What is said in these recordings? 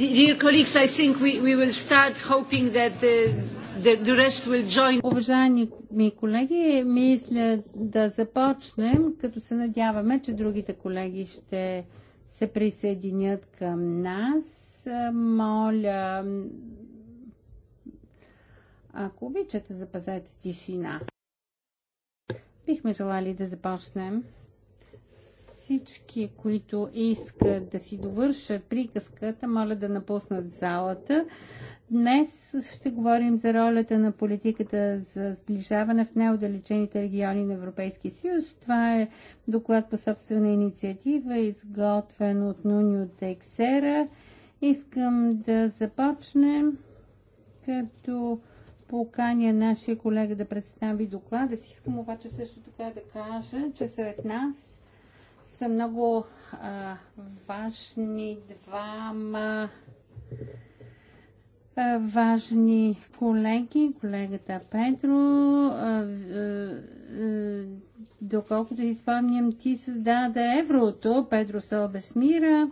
Dear colleagues, I think we, we will start hoping that the, the, the rest will join. Уважаеми ми колеги, мисля да започнем, като се надяваме, че другите колеги ще се присъединят към нас. Моля, ако обичате, запазете тишина. Бихме желали да започнем. Всички, които искат да си довършат приказката, моля да напуснат залата. Днес ще говорим за ролята на политиката за сближаване в неодалечените региони на Европейския съюз. Това е доклад по собствена инициатива, изготвен от Нунио Тексера. Искам да започнем като поканя нашия колега да представи доклада си. Искам обаче също така да кажа, че сред нас са много а, важни двама важни колеги, колегата Петро. доколкото си ти създаде еврото, Петро се обесмира.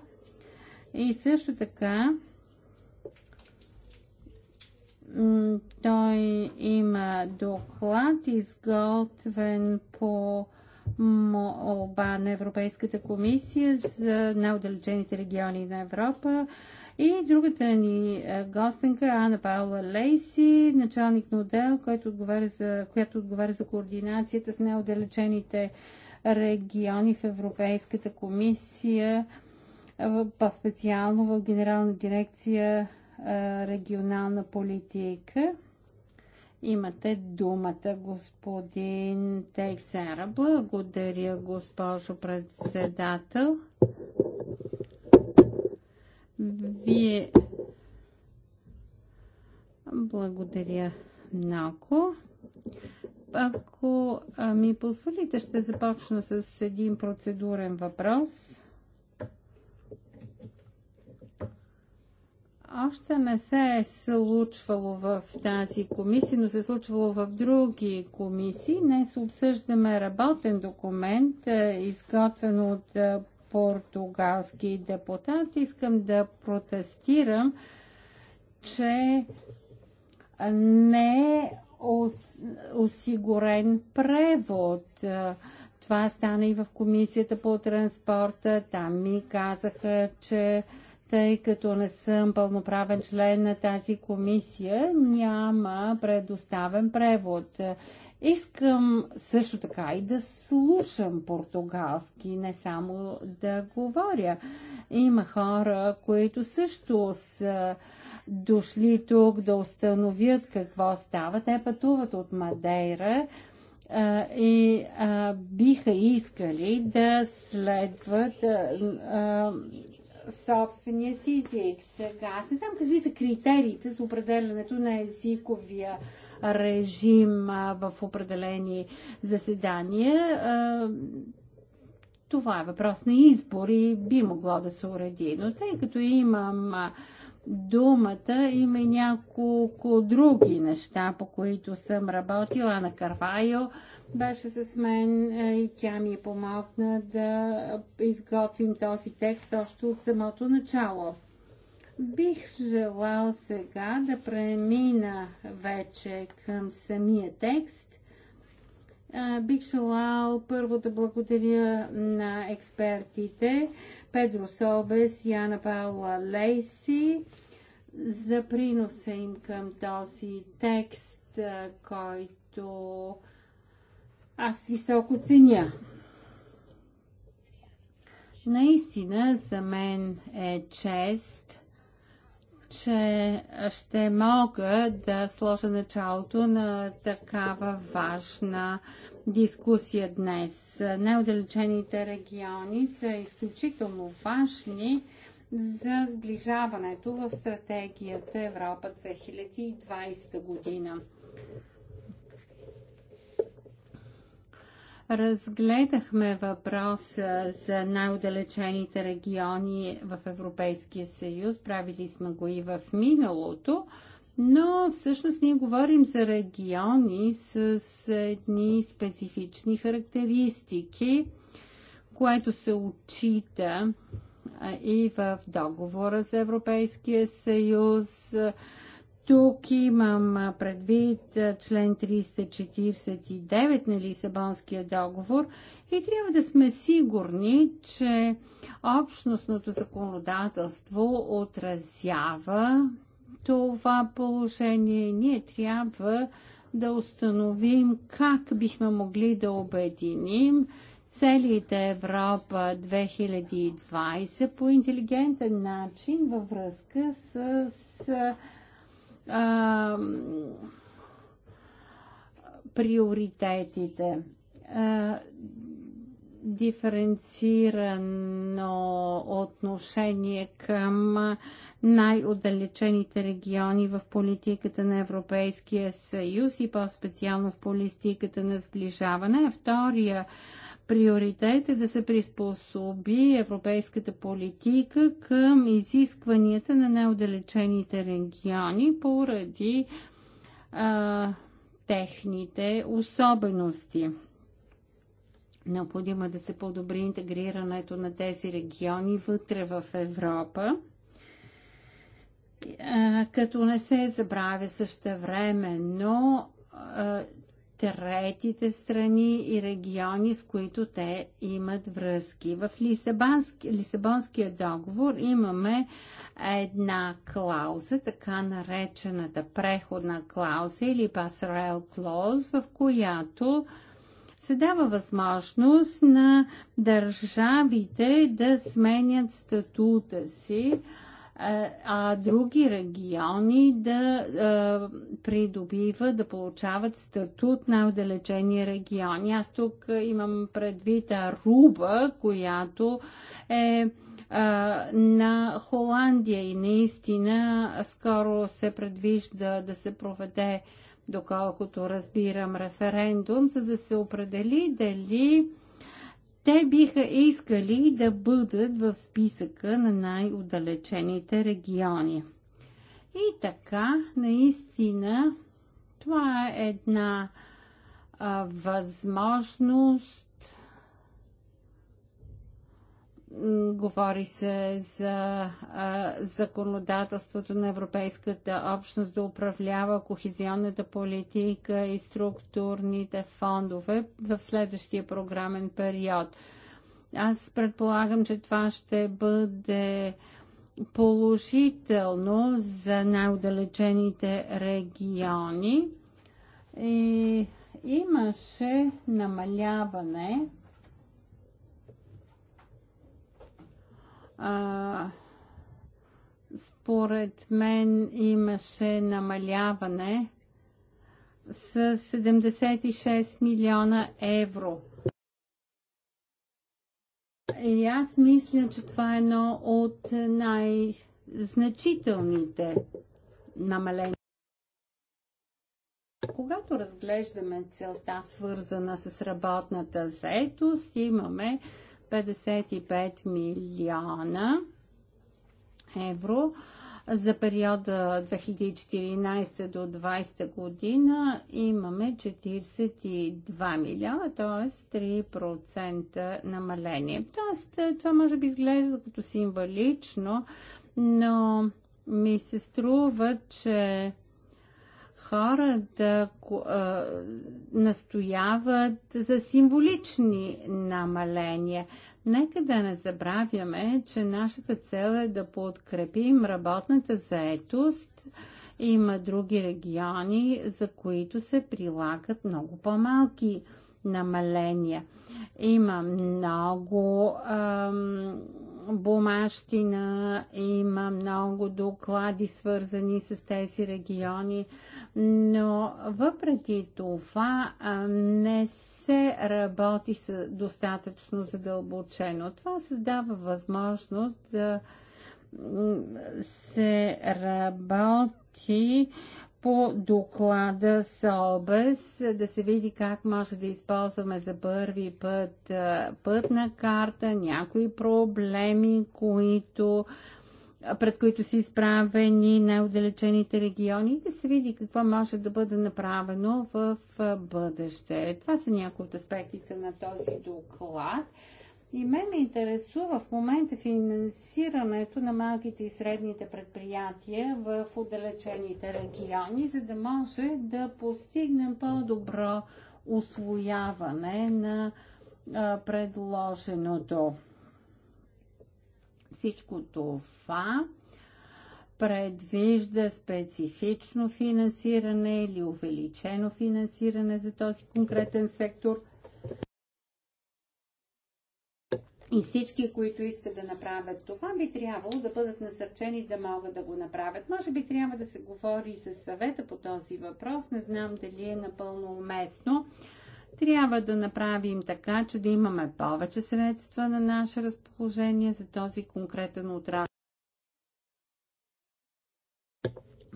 И също така той има доклад, изготвен по молба на Европейската комисия за най-отдалечените региони на Европа. И другата ни е, гостенка Ана Паула Лейси, началник на отдел, който отговаря за, която отговаря за координацията с най-отдалечените региони в Европейската комисия, по-специално в Генерална дирекция е, регионална политика. Имате думата, господин Тейксара. Благодаря, госпожо председател. Вие. Благодаря много. Ако ми позволите, ще започна с един процедурен въпрос. още не се е случвало в тази комисия, но се е случвало в други комисии. Днес обсъждаме работен документ, е, изготвен от е, португалски депутат. Искам да протестирам, че не е осигурен превод. Е, това стана и в комисията по транспорта. Там ми казаха, че тъй като не съм пълноправен член на тази комисия, няма предоставен превод. Искам също така и да слушам португалски, не само да говоря. Има хора, които също са дошли тук да установят какво става. Те пътуват от Мадейра а, и а, биха искали да следват а, собствения си език. Сега, аз не знам какви са критериите за определенето на езиковия режим в определени заседания. Това е въпрос на избор и би могло да се уреди. Но тъй като имам думата. Има и няколко други неща, по които съм работила. на Карвайо беше с мен е, и тя ми е помогна да изготвим този текст още от самото начало. Бих желал сега да премина вече към самия текст. Е, бих желал първо да благодаря на експертите Педро Собес и Ана Паула Лейси за приноса им към този текст, който аз високо ценя. Наистина за мен е чест, че ще мога да сложа началото на такава важна дискусия днес. най региони са изключително важни за сближаването в стратегията Европа 2020 година. Разгледахме въпроса за най удалечените региони в Европейския съюз. Правили сме го и в миналото но всъщност ние говорим за региони с едни специфични характеристики, което се отчита и в договора за Европейския съюз. Тук имам предвид член 349 на Лисабонския договор и трябва да сме сигурни, че общностното законодателство отразява това положение. Ние трябва да установим как бихме могли да обединим целите Европа 2020 по интелигентен начин във връзка с, а, приоритетите. А, диференцирано отношение към най-отдалечените региони в политиката на Европейския съюз и по-специално в политиката на сближаване. Втория приоритет е да се приспособи европейската политика към изискванията на най-отдалечените региони поради а, техните особености. Необходимо е да се подобри интегрирането на тези региони вътре в Европа като не се забравя също време, но третите страни и региони, с които те имат връзки. В Лисабонския договор имаме една клауза, така наречената преходна клауза или пасарел клауз, в която се дава възможност на държавите да сменят статута си е, а други региони да е, придобиват, да получават статут на отдалечени региони. Аз тук имам предвид Руба, която е, е на Холандия и наистина скоро се предвижда да се проведе, доколкото разбирам, референдум, за да се определи дали те биха искали да бъдат в списъка на най-отдалечените региони. И така, наистина, това е една а, възможност Говори се за а, законодателството на Европейската общност да управлява кохезионната политика и структурните фондове в следващия програмен период. Аз предполагам, че това ще бъде положително за най удалечените региони. И имаше намаляване а, според мен имаше намаляване с 76 милиона евро. И аз мисля, че това е едно от най-значителните намаления. Когато разглеждаме целта, свързана с работната заетост, имаме 55 милиона евро за периода 2014 до 2020 година имаме 42 милиона, т.е. 3% намаление. Тоест, това може би изглежда като символично, но ми се струва, че хората да, настояват за символични намаления. Нека да не забравяме, че нашата цел е да подкрепим работната заетост. Има други региони, за които се прилагат много по-малки намаления. Има много А, бумащина, има много доклади свързани с тези региони, но въпреки това не се работи достатъчно задълбочено. Това създава възможност да се работи по доклада СОБЕС, да се види как може да използваме за първи път пътна карта, някои проблеми, които пред които са изправени най-отдалечените региони да се види какво може да бъде направено в бъдеще. Това са някои от аспектите на този доклад. И мен ме интересува в момента финансирането на малките и средните предприятия в отдалечените региони, за да може да постигнем по-добро освояване на а, предложеното. Всичко това предвижда специфично финансиране или увеличено финансиране за този конкретен сектор. И всички, които искат да направят това, би трябвало да бъдат насърчени да могат да го направят. Може би трябва да се говори и с съвета по този въпрос. Не знам дали е напълно уместно. Трябва да направим така, че да имаме повече средства на наше разположение за този конкретен отрасъл.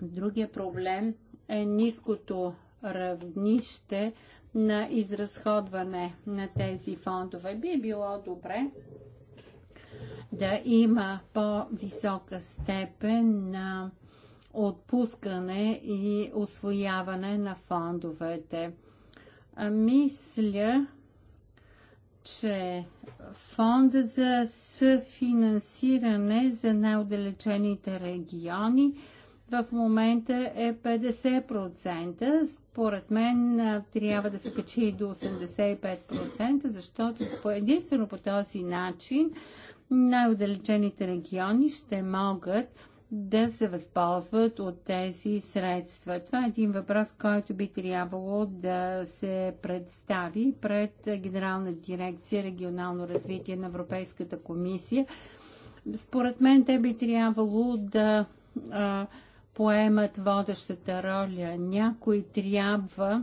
Другия проблем е ниското равнище на изразходване на тези фондове. Би било добре да има по-висока степен на отпускане и освояване на фондовете. Мисля, че фонда за съфинансиране за най-отдалечените региони в момента е 50%. Според мен трябва да се качи до 85%, защото единствено по този начин най удалечените региони ще могат да се възползват от тези средства. Това е един въпрос, който би трябвало да се представи пред Генерална дирекция регионално развитие на Европейската комисия. Според мен те би трябвало да а, поемат водещата роля. Някой трябва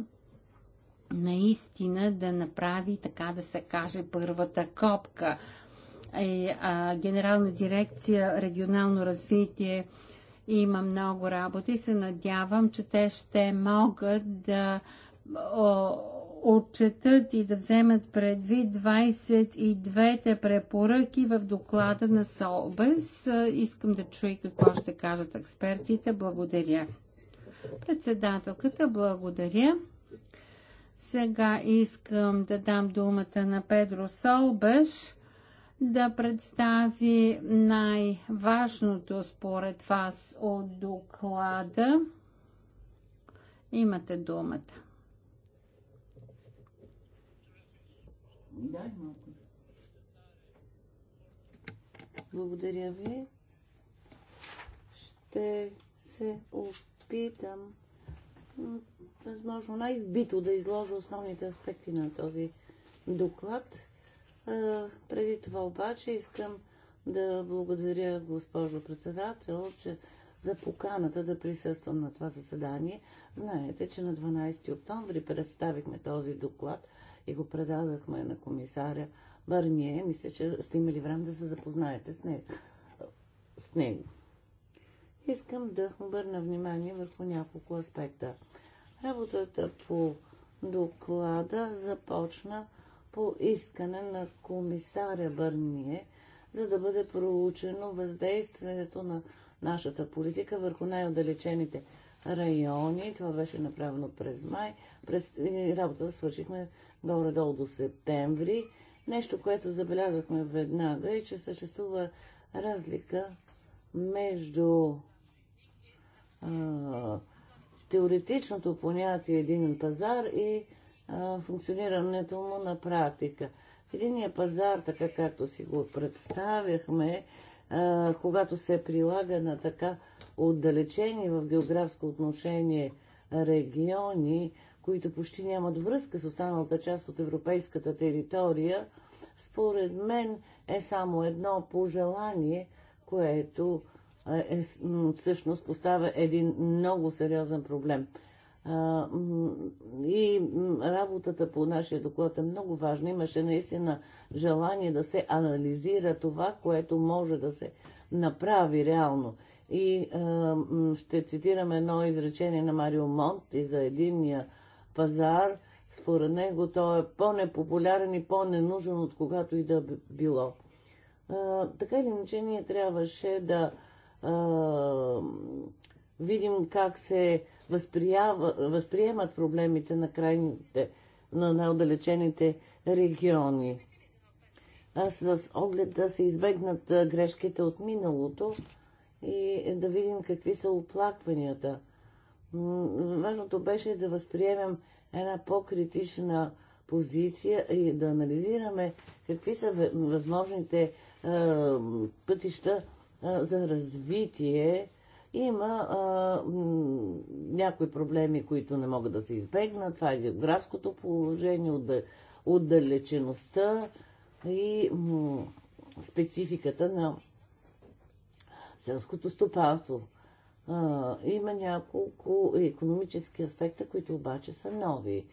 наистина да направи, така да се каже, първата копка. И, е, а, Генерална дирекция регионално развитие има много работа и се надявам, че те ще могат да о, отчетат и да вземат предвид 22-те препоръки в доклада на СОБЕС. Искам да чуя какво ще кажат експертите. Благодаря. Председателката, благодаря. Сега искам да дам думата на Педро Солбеш да представи най-важното според вас от доклада. Имате думата. Дай малко. Благодаря ви. Ще се опитам възможно най-избито да изложа основните аспекти на този доклад. преди това обаче искам да благодаря госпожо председател, че за поканата да присъствам на това заседание. Знаете, че на 12 октомври представихме този доклад – и го предадахме на комисаря Барние. Мисля, че сте имали време да се запознаете с него. С него. Искам да обърна внимание върху няколко аспекта. Работата по доклада започна по искане на комисаря Бърние, за да бъде проучено въздействието на нашата политика върху най-отдалечените райони. Това беше направено през май. През работата свършихме горе-долу до септември. Нещо, което забелязахме веднага е, че съществува разлика между а, теоретичното понятие един пазар и а, функционирането му на практика. Единият пазар, така както си го представяхме, а, когато се прилага на така отдалечени в географско отношение региони, които почти нямат връзка с останалата част от европейската територия, според мен е само едно пожелание, което е, е всъщност поставя един много сериозен проблем. И работата по нашия доклад е много важна. Имаше наистина желание да се анализира това, което може да се направи реално. И ще цитирам едно изречение на Марио Монт и за единния пазар, според него той е по-непопулярен и по-ненужен от когато и да било. А, така или иначе, ние трябваше да а, видим как се възприява, възприемат проблемите на крайните, на най-отдалечените региони. А с оглед да се избегнат грешките от миналото и да видим какви са оплакванията – Важното беше да възприемем една по-критична позиция и да анализираме какви са възможните а, е, пътища а, е, за развитие. Има е, някои проблеми, които не могат да се избегнат. Това е географското положение, отдалечеността и спецификата на селското стопанство има няколко економически аспекта, които обаче са нови.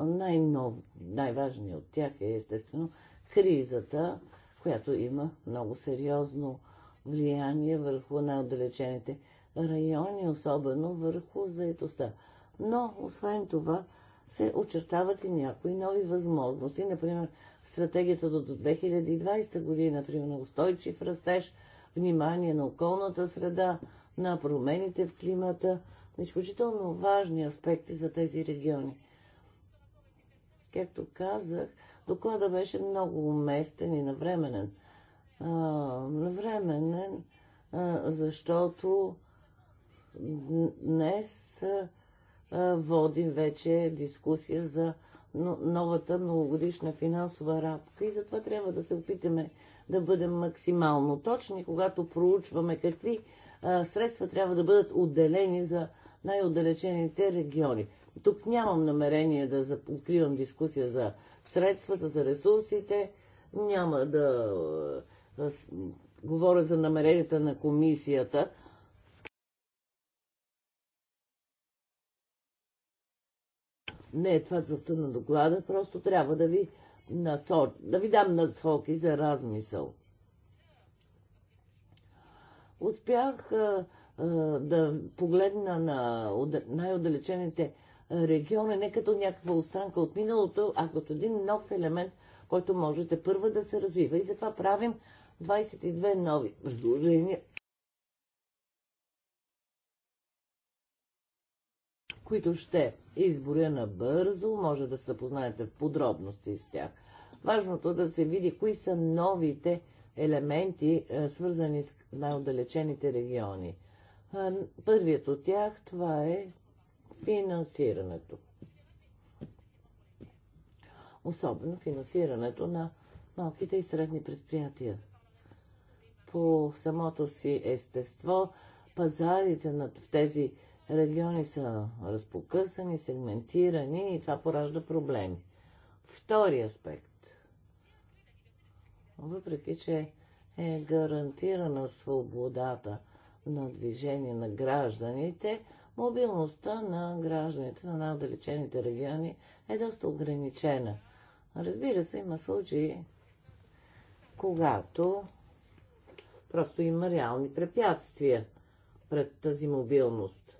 най-нов, най-важният от тях е естествено кризата, която има много сериозно влияние върху най-отдалечените райони, особено върху заедостта. Но, освен това, се очертават и някои нови възможности. Например, стратегията до 2020 година, например, устойчив растеж, внимание на околната среда, на промените в климата, на изключително важни аспекти за тези региони. Както казах, доклада беше много уместен и навременен. А, навременен, а, защото днес а, водим вече дискусия за новата многогодишна финансова рамка и затова трябва да се опитаме да бъдем максимално точни, когато проучваме какви средства трябва да бъдат отделени за най-отдалечените региони. Тук нямам намерение да откривам дискусия за средствата, за ресурсите. Няма да говоря за намеренията на комисията. Не е това целта на доклада, просто трябва да ви, насоч... да ви дам насоки за размисъл. Успях а, а, да погледна на най-отдалечените региони, не като някаква останка от миналото, а като един нов елемент, който можете първа да се развива. И затова правим 22 нови предложения, които ще изборя набързо, може да се познаете в подробности с тях. Важното е да се види кои са новите елементи, е, свързани с най-отдалечените региони. Първият от тях това е финансирането. Особено финансирането на малките и средни предприятия. По самото си естество, пазарите в тези региони са разпокъсани, сегментирани и това поражда проблеми. Втори аспект въпреки че е гарантирана свободата на движение на гражданите, мобилността на гражданите на най-отдалечените региони е доста ограничена. Разбира се, има случаи, когато просто има реални препятствия пред тази мобилност.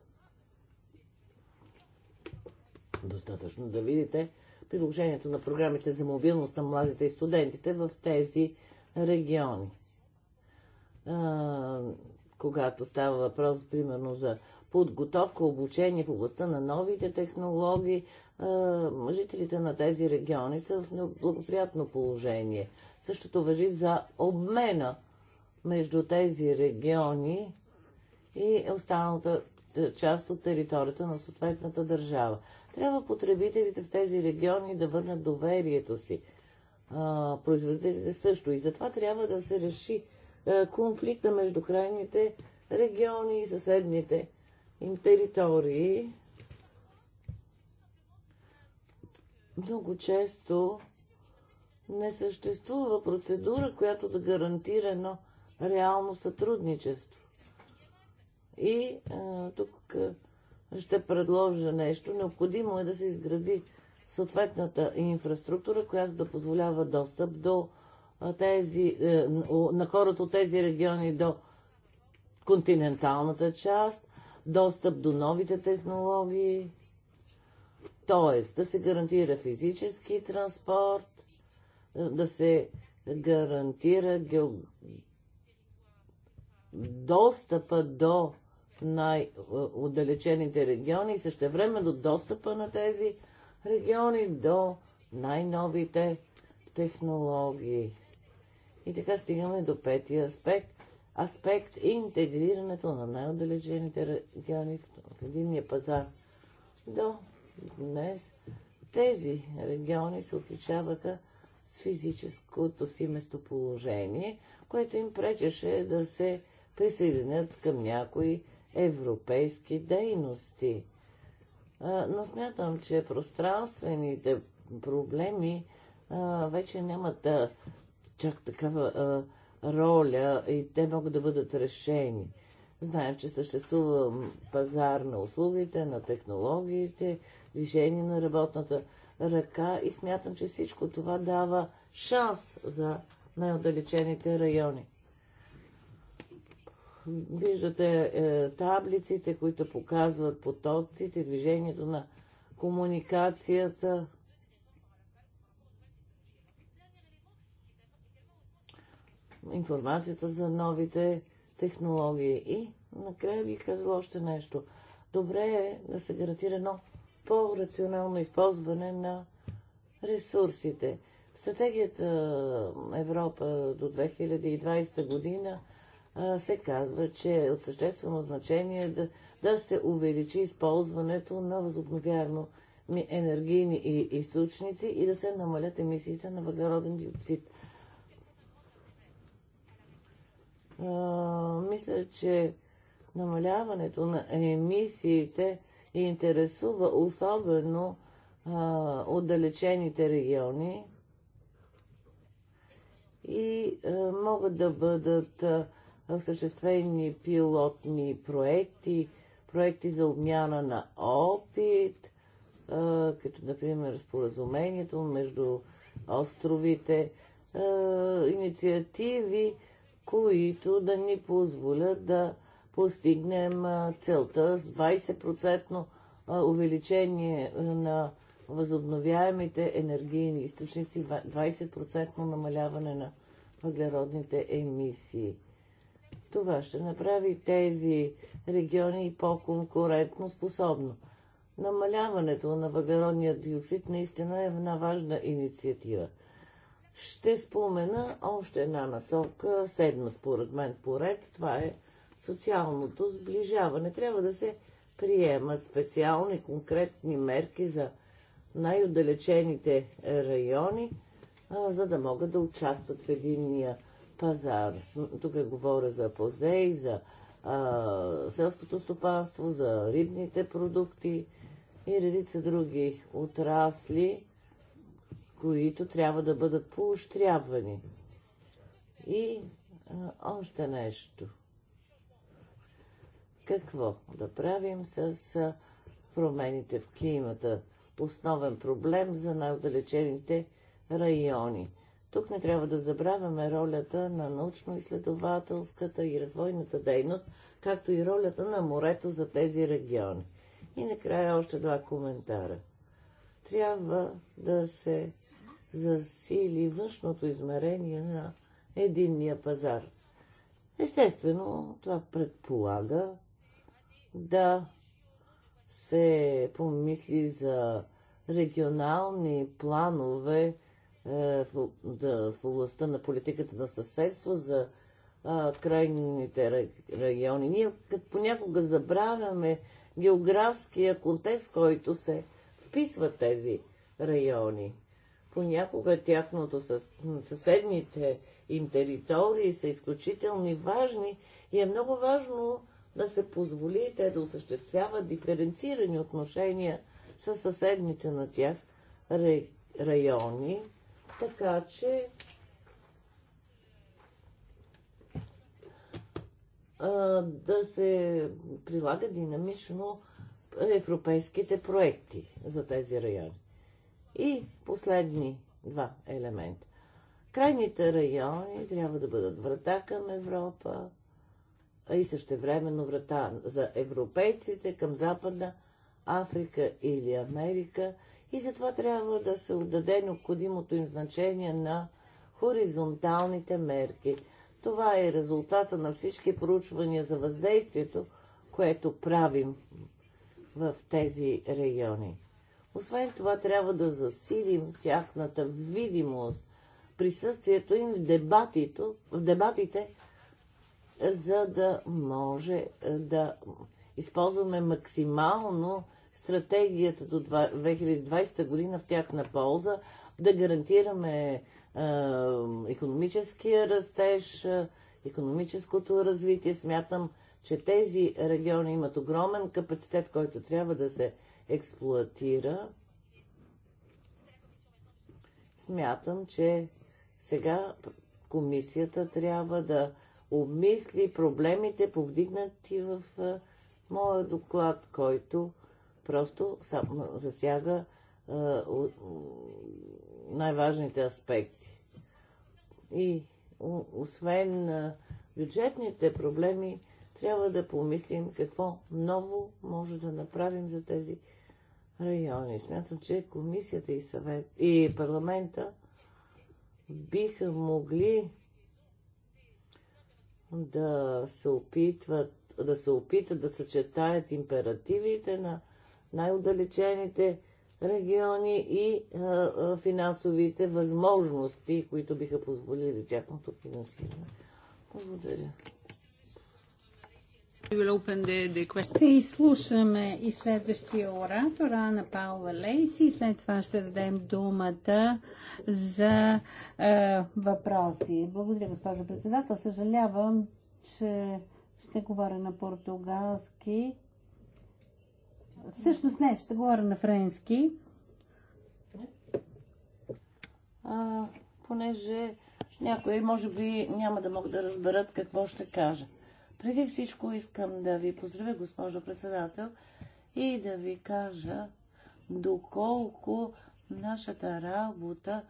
Достатъчно да видите приложението на програмите за мобилност на младите и студентите в тези региони. А, когато става въпрос, примерно, за подготовка, обучение в областта на новите технологии, а, жителите на тези региони са в неблагоприятно положение. Същото въжи за обмена между тези региони и останалата част от територията на съответната държава. Трябва потребителите в тези региони да върнат доверието си. А, производителите също. И затова трябва да се реши а, конфликта между крайните региони и съседните им територии. Много често не съществува процедура, която да гарантира едно реално сътрудничество. И а, тук ще предложа нещо. Необходимо е да се изгради съответната инфраструктура, която да позволява достъп до тези, е, на хората от тези региони до континенталната част, достъп до новите технологии, т.е. да се гарантира физически транспорт, е, да се гарантира гео... достъпа до най-отдалечените региони и също време до достъпа на тези региони до най-новите технологии. И така стигаме до петия аспект. Аспект и интегрирането на най-отдалечените региони в единния пазар. До днес тези региони се отличаваха с физическото си местоположение, което им пречеше да се присъединят към някои европейски дейности. Но смятам, че пространствените проблеми вече нямат да чак такава роля и те могат да бъдат решени. Знаем, че съществува пазар на услугите, на технологиите, движение на работната ръка и смятам, че всичко това дава шанс за най-отдалечените райони. Виждате е, таблиците, които показват потоците, движението на комуникацията. Информацията за новите технологии. И накрая ви казал още нещо. Добре е да се гарантира едно по-рационално използване на ресурсите. В стратегията Европа до 2020 година – се казва, че е от съществено значение да, да се увеличи използването на възобновяемо енергийни източници и да се намалят емисиите на въглероден диоксид. А, мисля, че намаляването на емисиите интересува особено а, отдалечените региони и а, могат да бъдат а, осъществени пилотни проекти, проекти за обмяна на опит, като например споразумението между островите, инициативи, които да ни позволят да постигнем целта с 20% увеличение на възобновяемите енергийни източници, 20% намаляване на въглеродните емисии. Това ще направи тези региони по-конкурентно способно. Намаляването на въглеродния диоксид наистина е една важна инициатива. Ще спомена още една насока, седма според мен поред. Това е социалното сближаване. Трябва да се приемат специални конкретни мерки за най-отдалечените райони, за да могат да участват в единния пазар. Тук е говоря за позей, за а, селското стопанство, за рибните продукти и редица други отрасли, които трябва да бъдат поощрявани. И а, още нещо. Какво да правим с а, промените в климата? Основен проблем за най-отдалечените райони. Тук не трябва да забравяме ролята на научно-изследователската и развойната дейност, както и ролята на морето за тези региони. И накрая още два коментара. Трябва да се засили външното измерение на единния пазар. Естествено, това предполага да се помисли за регионални планове, е, в областта на политиката на съседство за крайните райони. Ние понякога забравяме географския контекст, който се вписват тези райони. Понякога тяхното със... съседните им територии са изключително важни и е много важно да се позволи те да осъществяват диференцирани отношения с съседните на тях райони, така че а, да се прилага динамично европейските проекти за тези райони. И последни два елемента. Крайните райони трябва да бъдат врата към Европа а и времено врата за европейците към Западна Африка или Америка – и затова трябва да се отдаде необходимото им значение на хоризонталните мерки. Това е резултата на всички проучвания за въздействието, което правим в тези райони. Освен това, трябва да засилим тяхната видимост, присъствието им в, дебатито, в дебатите, за да може е, да използваме максимално стратегията до 2020 година в тяхна полза, да гарантираме економическия растеж, економическото развитие. Смятам, че тези региони имат огромен капацитет, който трябва да се експлуатира. Смятам, че сега комисията трябва да обмисли проблемите, повдигнати в моя доклад, който Просто засяга най-важните аспекти. И освен бюджетните проблеми, трябва да помислим какво ново може да направим за тези райони. Смятам, че комисията и, съвет, и парламента биха могли да се опитват да се опитат да съчетаят императивите на най-отдалечените региони и а, финансовите възможности, които биха позволили тяхното финансиране. Благодаря. Ще изслушаме и следващия оратор, Ана Паула Лейси, и след това ще дадем думата за е, въпроси. Благодаря, госпожо председател. Съжалявам, че ще говоря на португалски. Всъщност не, ще говоря на френски. А, понеже някои може би няма да могат да разберат какво ще кажа. Преди всичко искам да ви поздравя, госпожо председател, и да ви кажа доколко нашата работа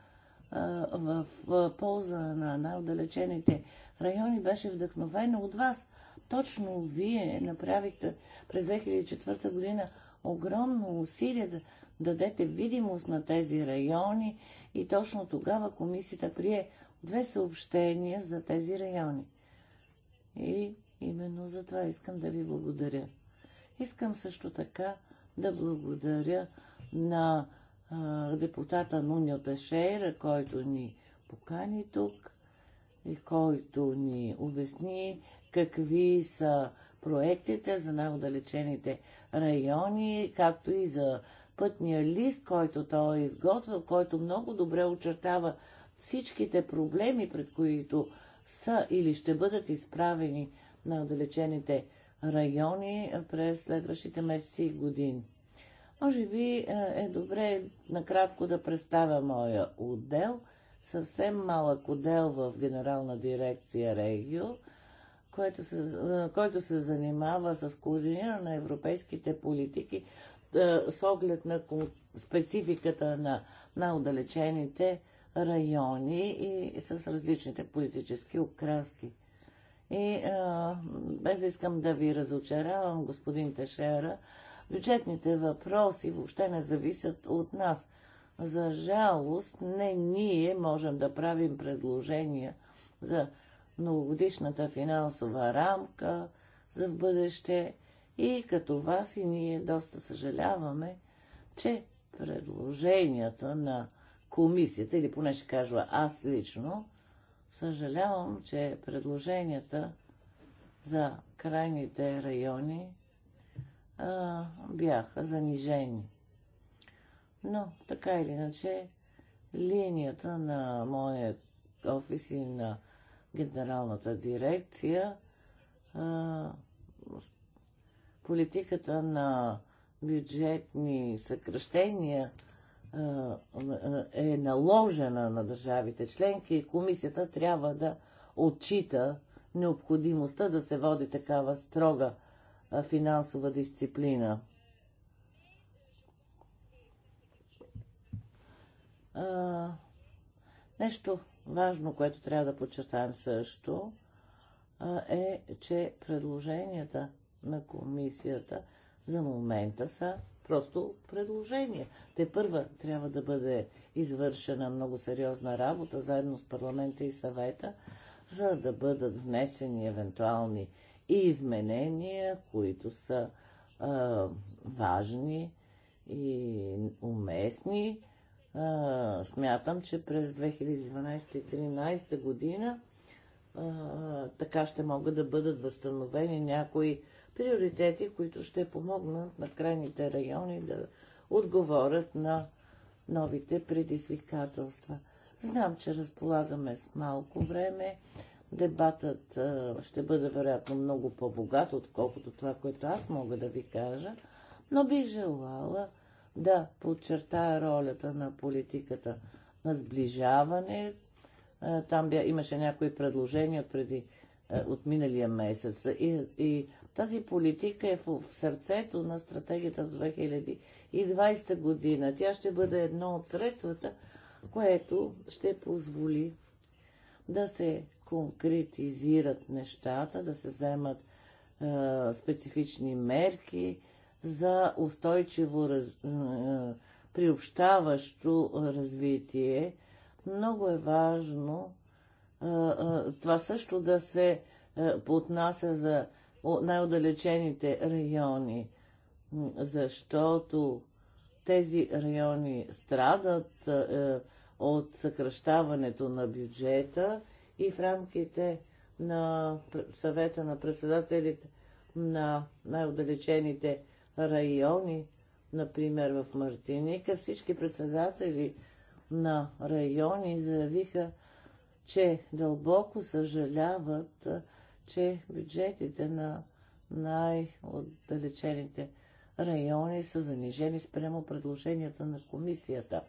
а, в, в полза на най-отдалечените райони беше вдъхновена от вас. Точно вие направихте през 2004 година огромно усилие да дадете видимост на тези райони и точно тогава комисията прие две съобщения за тези райони. И именно за това искам да ви благодаря. Искам също така да благодаря на а, депутата Нуньо Тешейра, който ни покани тук и който ни обясни какви са проектите за най-отдалечените райони, както и за пътния лист, който той е изготвил, който много добре очертава всичките проблеми, пред които са или ще бъдат изправени на отдалечените райони през следващите месеци и години. Може би е, е добре накратко да представя моя отдел, съвсем малък отдел в Генерална дирекция Регио – който се, който се занимава с координиране на европейските политики с оглед на спецификата на, на отдалечените райони и с различните политически окраски. И а, без да искам да ви разочаравам, господин Тешера, бюджетните въпроси въобще не зависят от нас. За жалост, не ние можем да правим предложения за многогодишната финансова рамка за в бъдеще и като вас и ние доста съжаляваме, че предложенията на комисията, или поне ще кажа аз лично, съжалявам, че предложенията за крайните райони а, бяха занижени. Но, така или иначе, линията на моят офис и на генералната дирекция а, политиката на бюджетни съкръщения а, е наложена на държавите членки и комисията трябва да отчита необходимостта да се води такава строга финансова дисциплина. А, нещо, Важно, което трябва да подчертаем също, е, че предложенията на комисията за момента са просто предложения. Те първа трябва да бъде извършена много сериозна работа заедно с парламента и съвета, за да бъдат внесени евентуални изменения, които са а, важни и уместни а, смятам, че през 2012-2013 година а, така ще могат да бъдат възстановени някои приоритети, които ще помогнат на крайните райони да отговорят на новите предизвикателства. Знам, че разполагаме с малко време. Дебатът а, ще бъде вероятно много по-богат, отколкото това, което аз мога да ви кажа, но бих желала да подчертая ролята на политиката на сближаване. Е, там бя, имаше някои предложения преди е, от миналия месец. И, и тази политика е в, в сърцето на стратегията в 2020 година. Тя ще бъде едно от средствата, което ще позволи да се конкретизират нещата, да се вземат е, специфични мерки, за устойчиво раз... Е, приобщаващо развитие. Много е важно е, е, това също да се отнася за най-отдалечените райони, защото тези райони страдат от съкръщаването на бюджета и в рамките на съвета на председателите на най-отдалечените райони райони, например в Мартиника, всички председатели на райони заявиха, че дълбоко съжаляват, че бюджетите на най-отдалечените райони са занижени спрямо предложенията на комисията.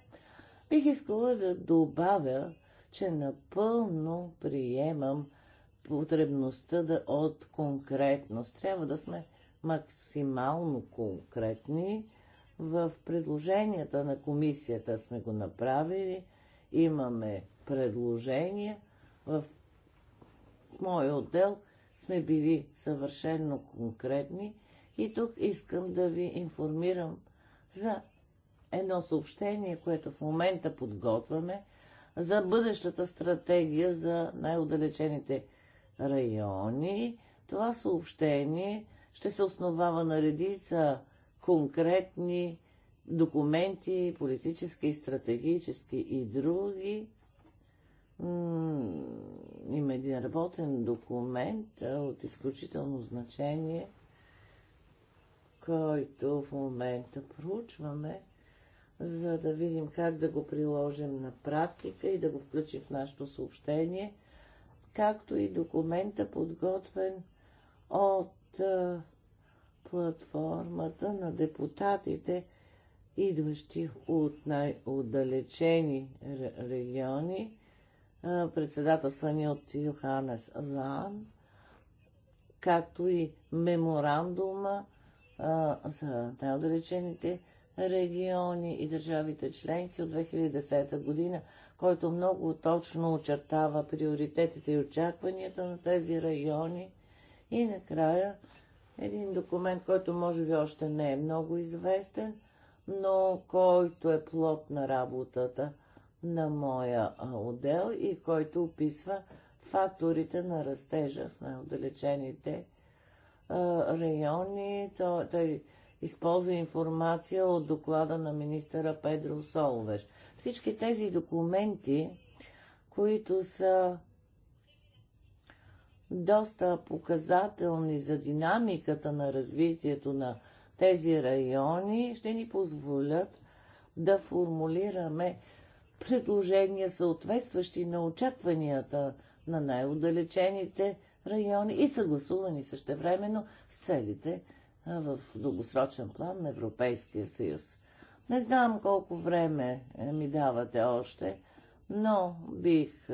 Бих искала да добавя, че напълно приемам потребността да от конкретност. Трябва да сме максимално конкретни. В предложенията на комисията сме го направили. Имаме предложения. В моя отдел сме били съвършенно конкретни. И тук искам да ви информирам за едно съобщение, което в момента подготвяме за бъдещата стратегия за най-отдалечените райони. Това съобщение ще се основава на редица конкретни документи, политически, стратегически и други. Има един работен документ от изключително значение, който в момента проучваме, за да видим как да го приложим на практика и да го включим в нашето съобщение, както и документа подготвен от от платформата на депутатите, идващи от най-отдалечени региони, председателствани от Йоханес Заан, както и меморандума за най-отдалечените региони и държавите членки от 2010 година, който много точно очертава приоритетите и очакванията на тези райони и накрая един документ, който може би още не е много известен, но който е плод на работата на моя отдел и който описва факторите на растежа в най-отдалечените райони. Той, той използва информация от доклада на министъра Педро Соловеш. Всички тези документи, които са доста показателни за динамиката на развитието на тези райони, ще ни позволят да формулираме предложения, съответстващи на очакванията на най-отдалечените райони и съгласувани същевременно с целите в дългосрочен план на Европейския съюз. Не знам колко време е, ми давате още, но бих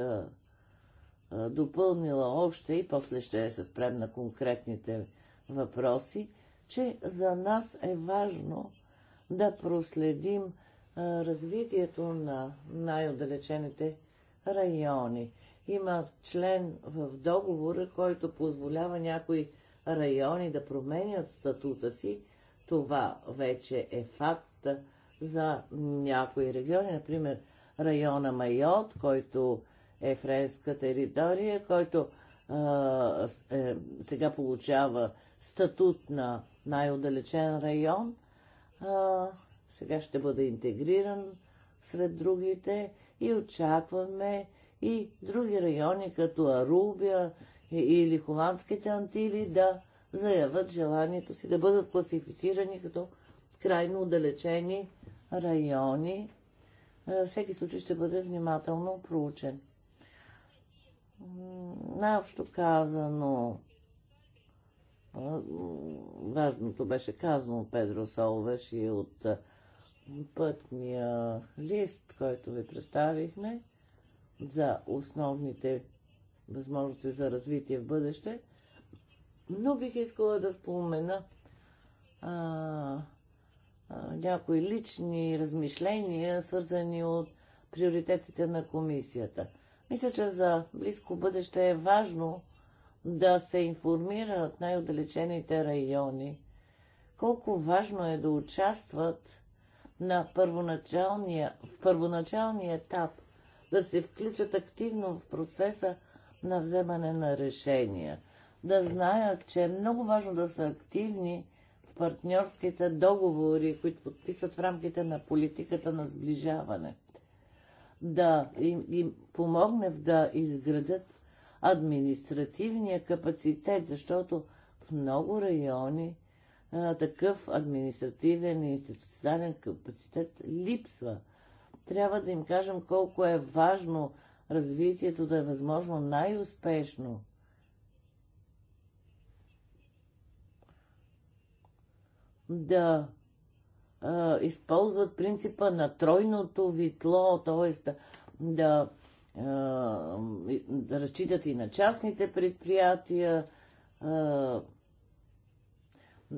допълнила още и после ще се спрем на конкретните въпроси, че за нас е важно да проследим развитието на най-отдалечените райони. Има член в договора, който позволява някои райони да променят статута си. Това вече е факт за някои региони, например района Майот, който е територия, който е, сега получава статут на най удалечен район, а, сега ще бъде интегриран сред другите и очакваме и други райони, като Арубия или Холандските антили, да заявят желанието си да бъдат класифицирани като крайно удалечени райони. Всеки случай ще бъде внимателно проучен най-общо казано, важното беше казано Педро Солвеш и от пътния лист, който ви представихме за основните възможности за развитие в бъдеще. Но бих искала да спомена а, а, някои лични размишления, свързани от приоритетите на комисията – мисля, че за близко бъдеще е важно да се информират най-отдалечените райони, колко важно е да участват на първоначалния, в първоначалния етап, да се включат активно в процеса на вземане на решения, да знаят, че е много важно да са активни в партньорските договори, които подписват в рамките на политиката на сближаване – да им, им помогне да изградят административния капацитет, защото в много райони а, такъв административен и институционален капацитет липсва. Трябва да им кажем колко е важно развитието да е възможно най-успешно. Да използват принципа на тройното витло, т.е. да, да разчитат и на частните предприятия,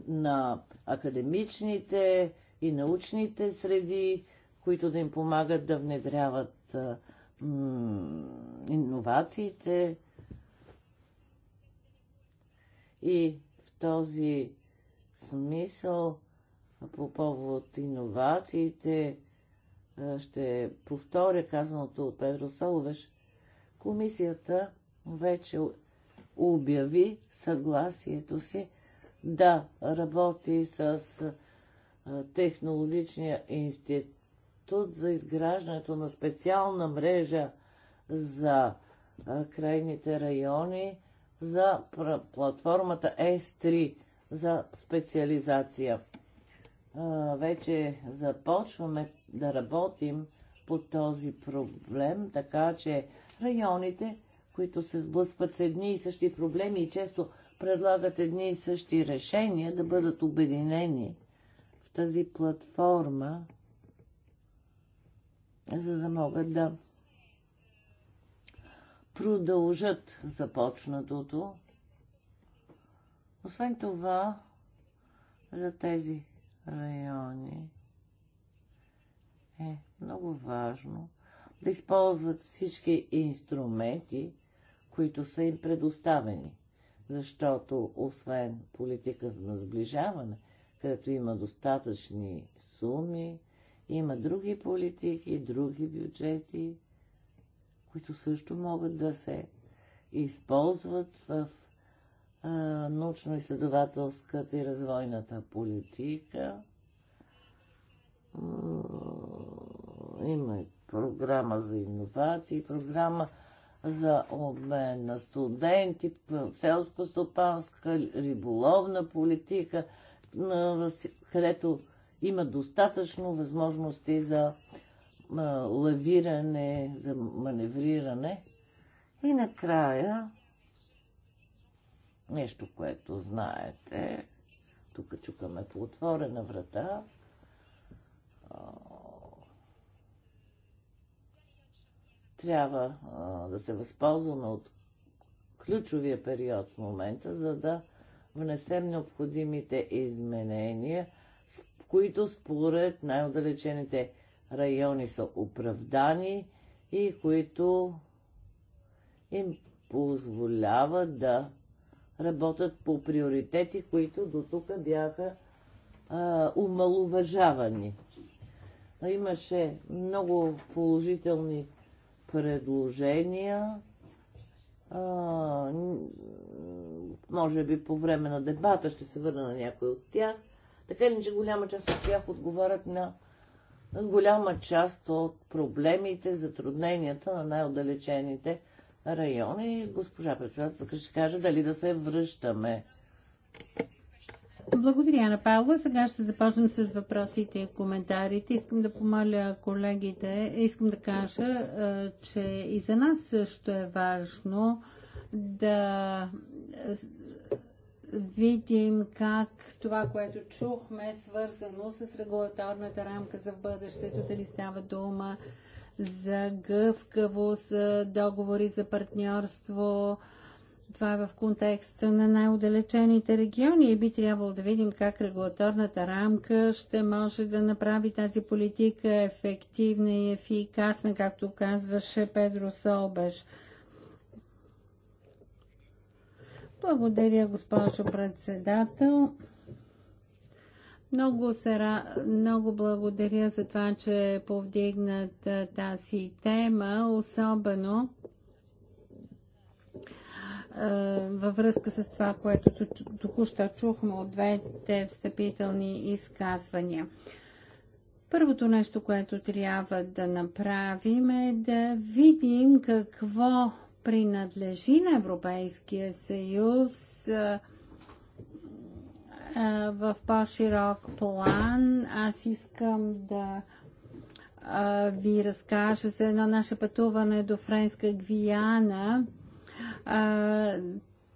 на академичните и научните среди, които да им помагат да внедряват иновациите. И в този смисъл по повод иновациите. Ще повторя казаното от Педро Соловеш. Комисията вече обяви съгласието си да работи с технологичния институт за изграждането на специална мрежа за крайните райони за платформата S3 за специализация вече започваме да работим по този проблем, така че районите, които се сблъскват с едни и същи проблеми и често предлагат едни и същи решения, да бъдат обединени в тази платформа, за да могат да продължат започнатото. Освен това, за тези райони, е много важно да използват всички инструменти, които са им предоставени. Защото, освен политиката на сближаване, където има достатъчни суми, има други политики, други бюджети, които също могат да се използват в научно-изследователската и развойната политика. Има и програма за иновации, програма за обмен на студенти, селско-стопанска, риболовна политика, където има достатъчно възможности за лавиране, за маневриране. И накрая Нещо, което знаете. Тук чукаме по отворена врата. Трябва да се възползваме от ключовия период в момента, за да внесем необходимите изменения, които според най-отдалечените райони са оправдани и които им позволяват да работят по приоритети, които до тук бяха а, умалуважавани. Имаше много положителни предложения. А, може би по време на дебата ще се върна на някой от тях. Така или че голяма част от тях отговарят на голяма част от проблемите, затрудненията на най-отдалечените район и госпожа председателка ще каже дали да се връщаме. Благодаря, Ана Павла. Сега ще започнем с въпросите и коментарите. Искам да помоля колегите, искам да кажа, е, че и за нас също е важно да е, видим как това, което чухме, е свързано с регулаторната рамка за бъдещето, дали става дума за гъвкавост, договори за партньорство. Това е в контекста на най удалечените региони и би трябвало да видим как регулаторната рамка ще може да направи тази политика ефективна и ефикасна, както казваше Педро Солбеш. Благодаря, госпожо председател. Много, се, много благодаря за това, че повдигнат тази тема, особено във връзка с това, което току-що чухме от двете встъпителни изказвания. Първото нещо, което трябва да направим е да видим какво принадлежи на Европейския съюз – в по-широк план. Аз искам да ви разкажа за едно наше пътуване до Френска Гвиана.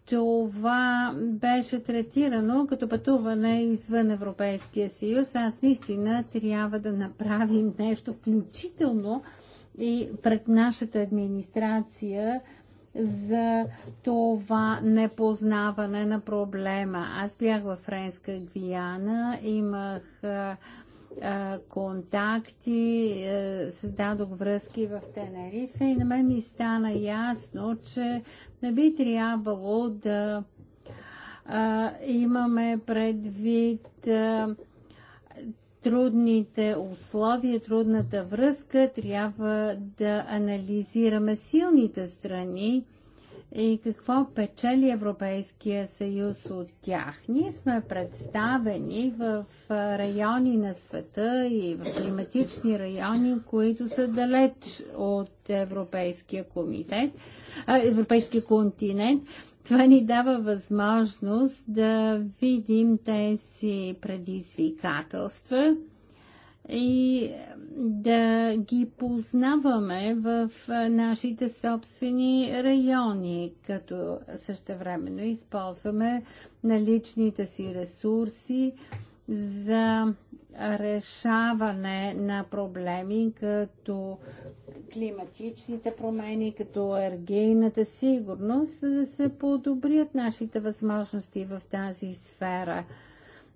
Това беше третирано като пътуване извън Европейския съюз. Аз наистина трябва да направим нещо, включително и пред нашата администрация, за това непознаване на проблема. Аз бях във Френска Гвиана, имах а, а, контакти, а, създадох връзки в Тенерифе и на мен ми стана ясно, че не би трябвало да имаме предвид трудните условия, трудната връзка, трябва да анализираме силните страни и какво печели Европейския съюз от тях. Ние сме представени в райони на света и в климатични райони, които са далеч от Европейския комитет, Европейския континент това ни дава възможност да видим тези предизвикателства и да ги познаваме в нашите собствени райони, като същевременно използваме наличните си ресурси за решаване на проблеми като климатичните промени, като енергийната сигурност, за да се подобрят нашите възможности в тази сфера.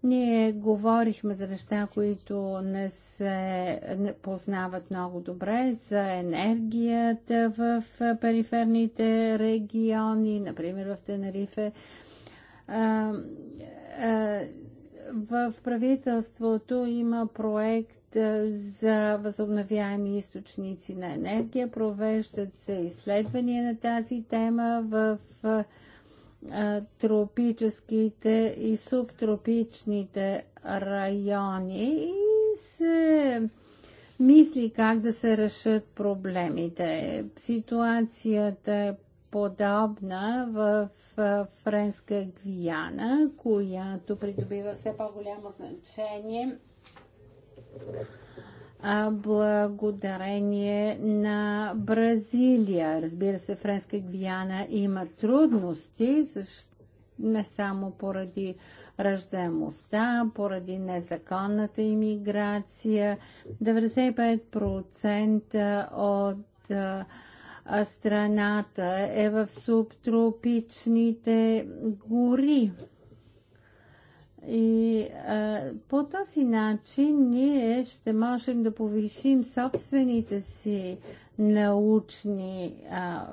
Ние говорихме за неща, които не се познават много добре, за енергията в периферните региони, например в Тенерифе в правителството има проект за възобновяеми източници на енергия. Провеждат се изследвания на тази тема в тропическите и субтропичните райони и се мисли как да се решат проблемите. Ситуацията е подобна в Френска Гвиана, която придобива все по-голямо значение благодарение на Бразилия. Разбира се, Френска Гвиана има трудности, не само поради ръждаемостта, поради незаконната иммиграция. 95% от страната е в субтропичните гори. И а, по този начин ние ще можем да повишим собствените си научни а,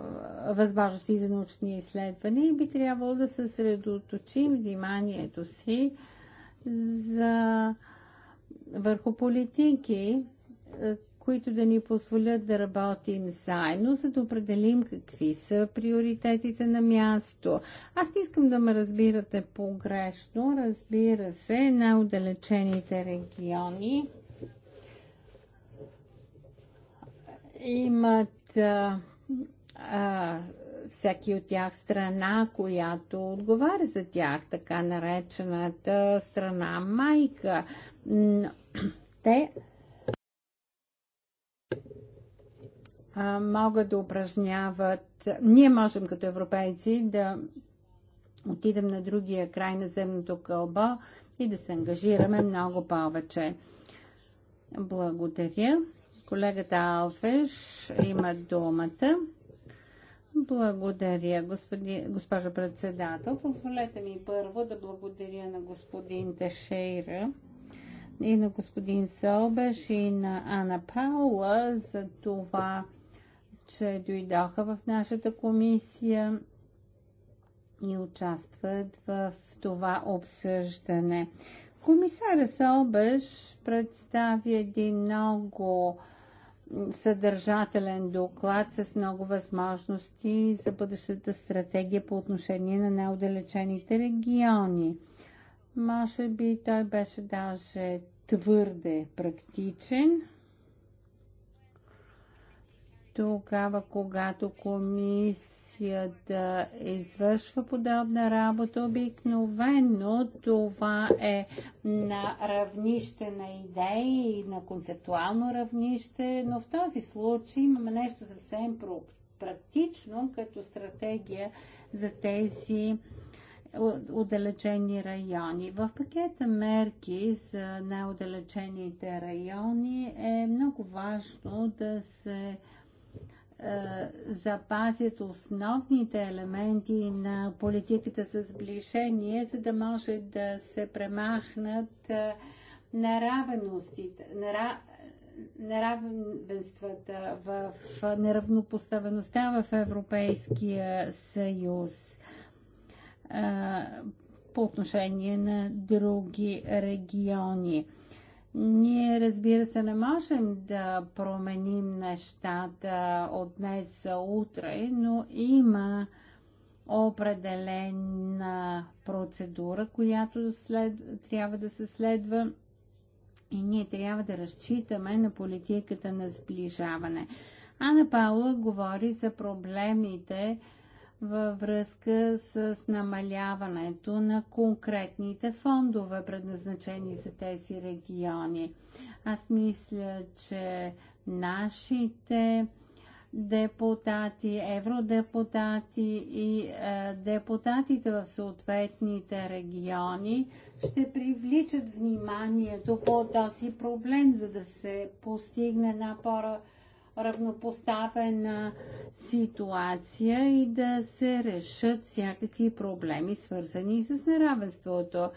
възможности за научни изследвания и би трябвало да съсредоточим вниманието си за, върху политики, които да ни позволят да работим заедно, за да определим какви са приоритетите на място. Аз не искам да ме разбирате погрешно. Разбира се, най-отдалечените региони имат а, а, всеки от тях страна, която отговаря за тях, така наречената страна майка. Те могат да упражняват. Ние можем като европейци да отидем на другия край на земното кълбо и да се ангажираме много повече. Благодаря. Колегата Алфеш има думата. Благодаря, господи, госпожа председател. Позволете ми първо да благодаря на господин Тешейра и на господин Сълбеш и на Ана Паула за това, че дойдоха в нашата комисия и участват в това обсъждане. Комисаря Солбеш представи един много съдържателен доклад с много възможности за бъдещата стратегия по отношение на неотдалечените региони. Може би той беше даже твърде практичен тогава, когато комисията извършва подобна работа, обикновено това е на равнище на идеи, на концептуално равнище, но в този случай имаме нещо съвсем практично като стратегия за тези отдалечени райони. В пакета мерки за най-отдалечените райони е много важно да се запазят основните елементи на политиката за сближение, за да може да се премахнат неравеностите, неравенствата в неравнопоставеността в Европейския съюз по отношение на други региони. Ние, разбира се, не можем да променим нещата от днес за утре, но има определена процедура, която след, трябва да се следва и ние трябва да разчитаме на политиката на сближаване. Ана Паула говори за проблемите, във връзка с намаляването на конкретните фондове, предназначени за тези региони. Аз мисля, че нашите депутати, евродепутати и е, депутатите в съответните региони ще привличат вниманието по този проблем, за да се постигне напора равнопоставена ситуация и да се решат всякакви проблеми, свързани с неравенството.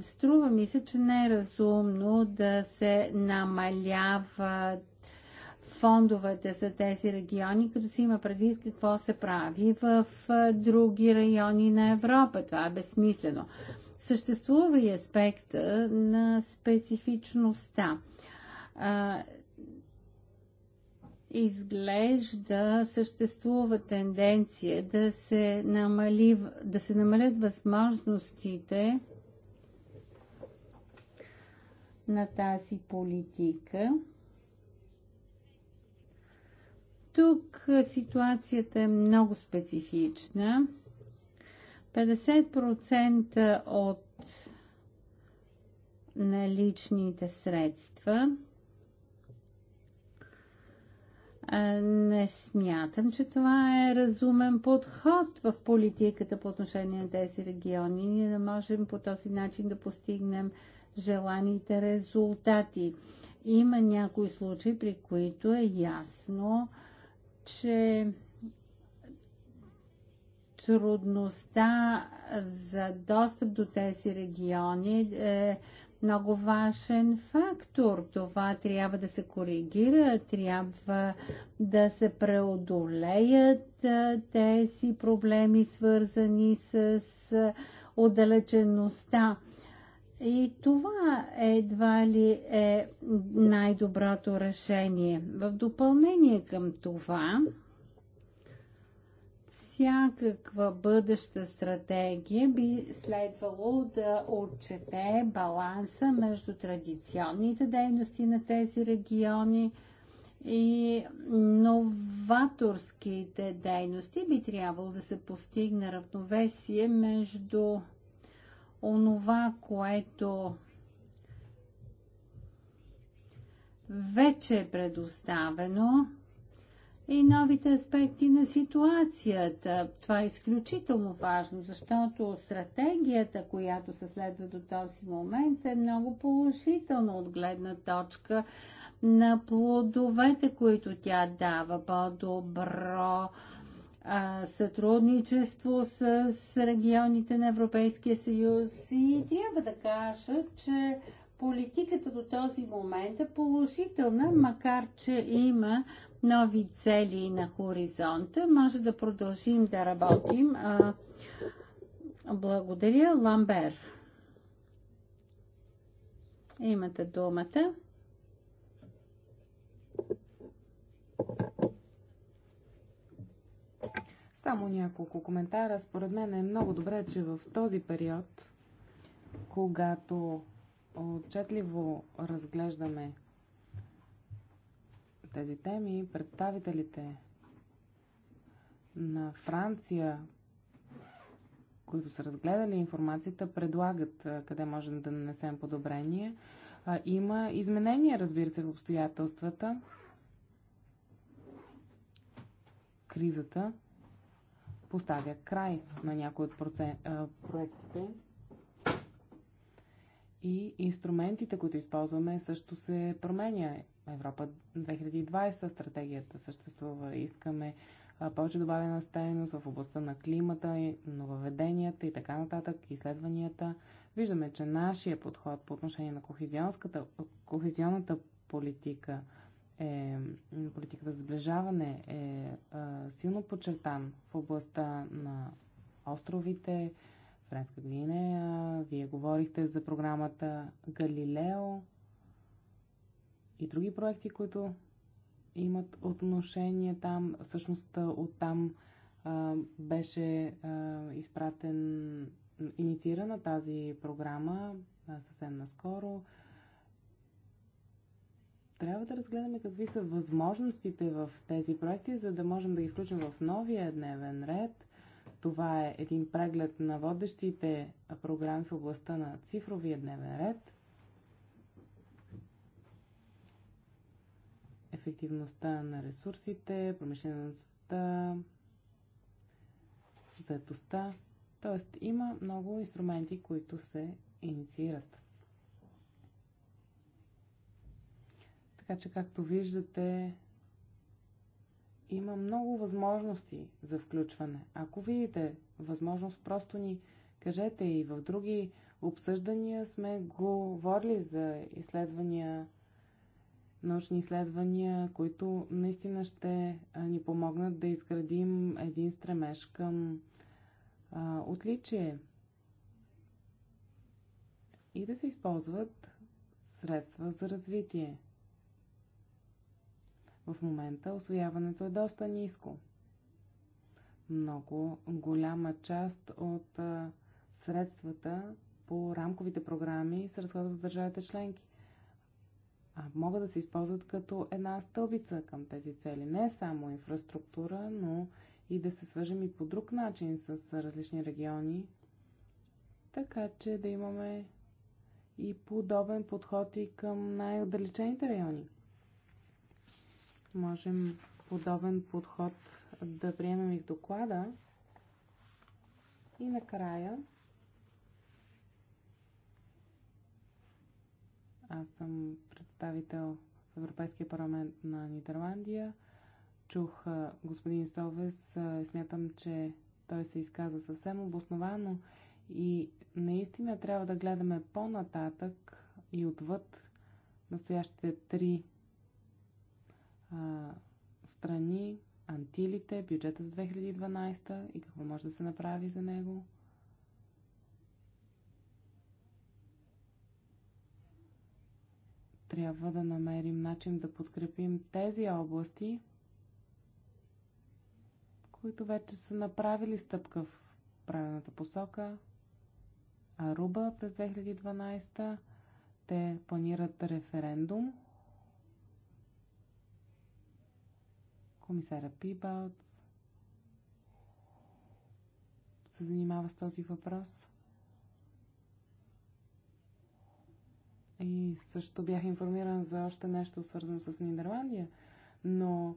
Струва ми се, че не е разумно да се намаляват фондовете за тези региони, като си има предвид какво се прави в други райони на Европа. Това е безсмислено. Съществува и аспекта на специфичността изглежда съществува тенденция да се, намали, да се намалят възможностите на тази политика. Тук ситуацията е много специфична. 50% от наличните средства не смятам, че това е разумен подход в политиката по отношение на тези региони. Ние не можем по този начин да постигнем желаните резултати. Има някои случаи, при които е ясно, че трудността за достъп до тези региони е много важен фактор. Това трябва да се коригира, трябва да се преодолеят тези проблеми, свързани с отдалечеността. И това едва ли е най-доброто решение. В допълнение към това, всякаква бъдеща стратегия би следвало да отчете баланса между традиционните дейности на тези региони и новаторските дейности. Би трябвало да се постигне равновесие между онова, което вече е предоставено и новите аспекти на ситуацията. Това е изключително важно, защото стратегията, която се следва до този момент, е много положителна от гледна точка на плодовете, които тя дава. По-добро сътрудничество с регионите на Европейския съюз. И трябва да кажа, че политиката до този момент е положителна, макар че има нови цели на хоризонта. Може да продължим да работим. Благодаря, Ламбер. Имате думата. Само няколко коментара. Според мен е много добре, че в този период, когато отчетливо разглеждаме тези теми, представителите на Франция, които са разгледали информацията, предлагат къде можем да нанесем подобрение. Има изменения, разбира се, в обстоятелствата. Кризата поставя край на някои от проектите. И инструментите, които използваме, също се променя. Европа 2020 стратегията съществува. Искаме повече добавена стоеност в областта на климата, нововведенията и така нататък, изследванията. Виждаме, че нашия подход по отношение на кохезионната политика е, политиката за сближаване е е силно подчертан в областта на островите, Френска Гвинея. Вие говорихте за програмата Галилео, и други проекти, които имат отношение там. Всъщност там а, беше а, изпратен, инициирана тази програма а, съвсем наскоро. Трябва да разгледаме какви са възможностите в тези проекти, за да можем да ги включим в новия дневен ред. Това е един преглед на водещите програми в областта на цифровия дневен ред – ефективността на ресурсите, промишлеността, заетостта. Тоест има много инструменти, които се инициират. Така че, както виждате, има много възможности за включване. Ако видите възможност, просто ни кажете и в други обсъждания сме говорили за изследвания научни изследвания, които наистина ще ни помогнат да изградим един стремеж към а, отличие и да се използват средства за развитие. В момента освояването е доста ниско. Много голяма част от а, средствата по рамковите програми се разходват в държавите членки могат да се използват като една стълбица към тези цели. Не само инфраструктура, но и да се свържем и по друг начин с различни региони, така че да имаме и подобен подход и към най-отдалечените райони. Можем подобен подход да приемем и в доклада. И накрая аз съм представител в Европейския парламент на Нидерландия. Чух господин Совес. Смятам, че той се изказа съвсем обосновано и наистина трябва да гледаме по-нататък и отвъд настоящите три а, страни, антилите, бюджета за 2012 и какво може да се направи за него. трябва да намерим начин да подкрепим тези области, които вече са направили стъпка в правилната посока. Аруба през 2012 те планират референдум. Комисара Пибалт се занимава с този въпрос. И също бях информиран за още нещо свързано с Нидерландия. Но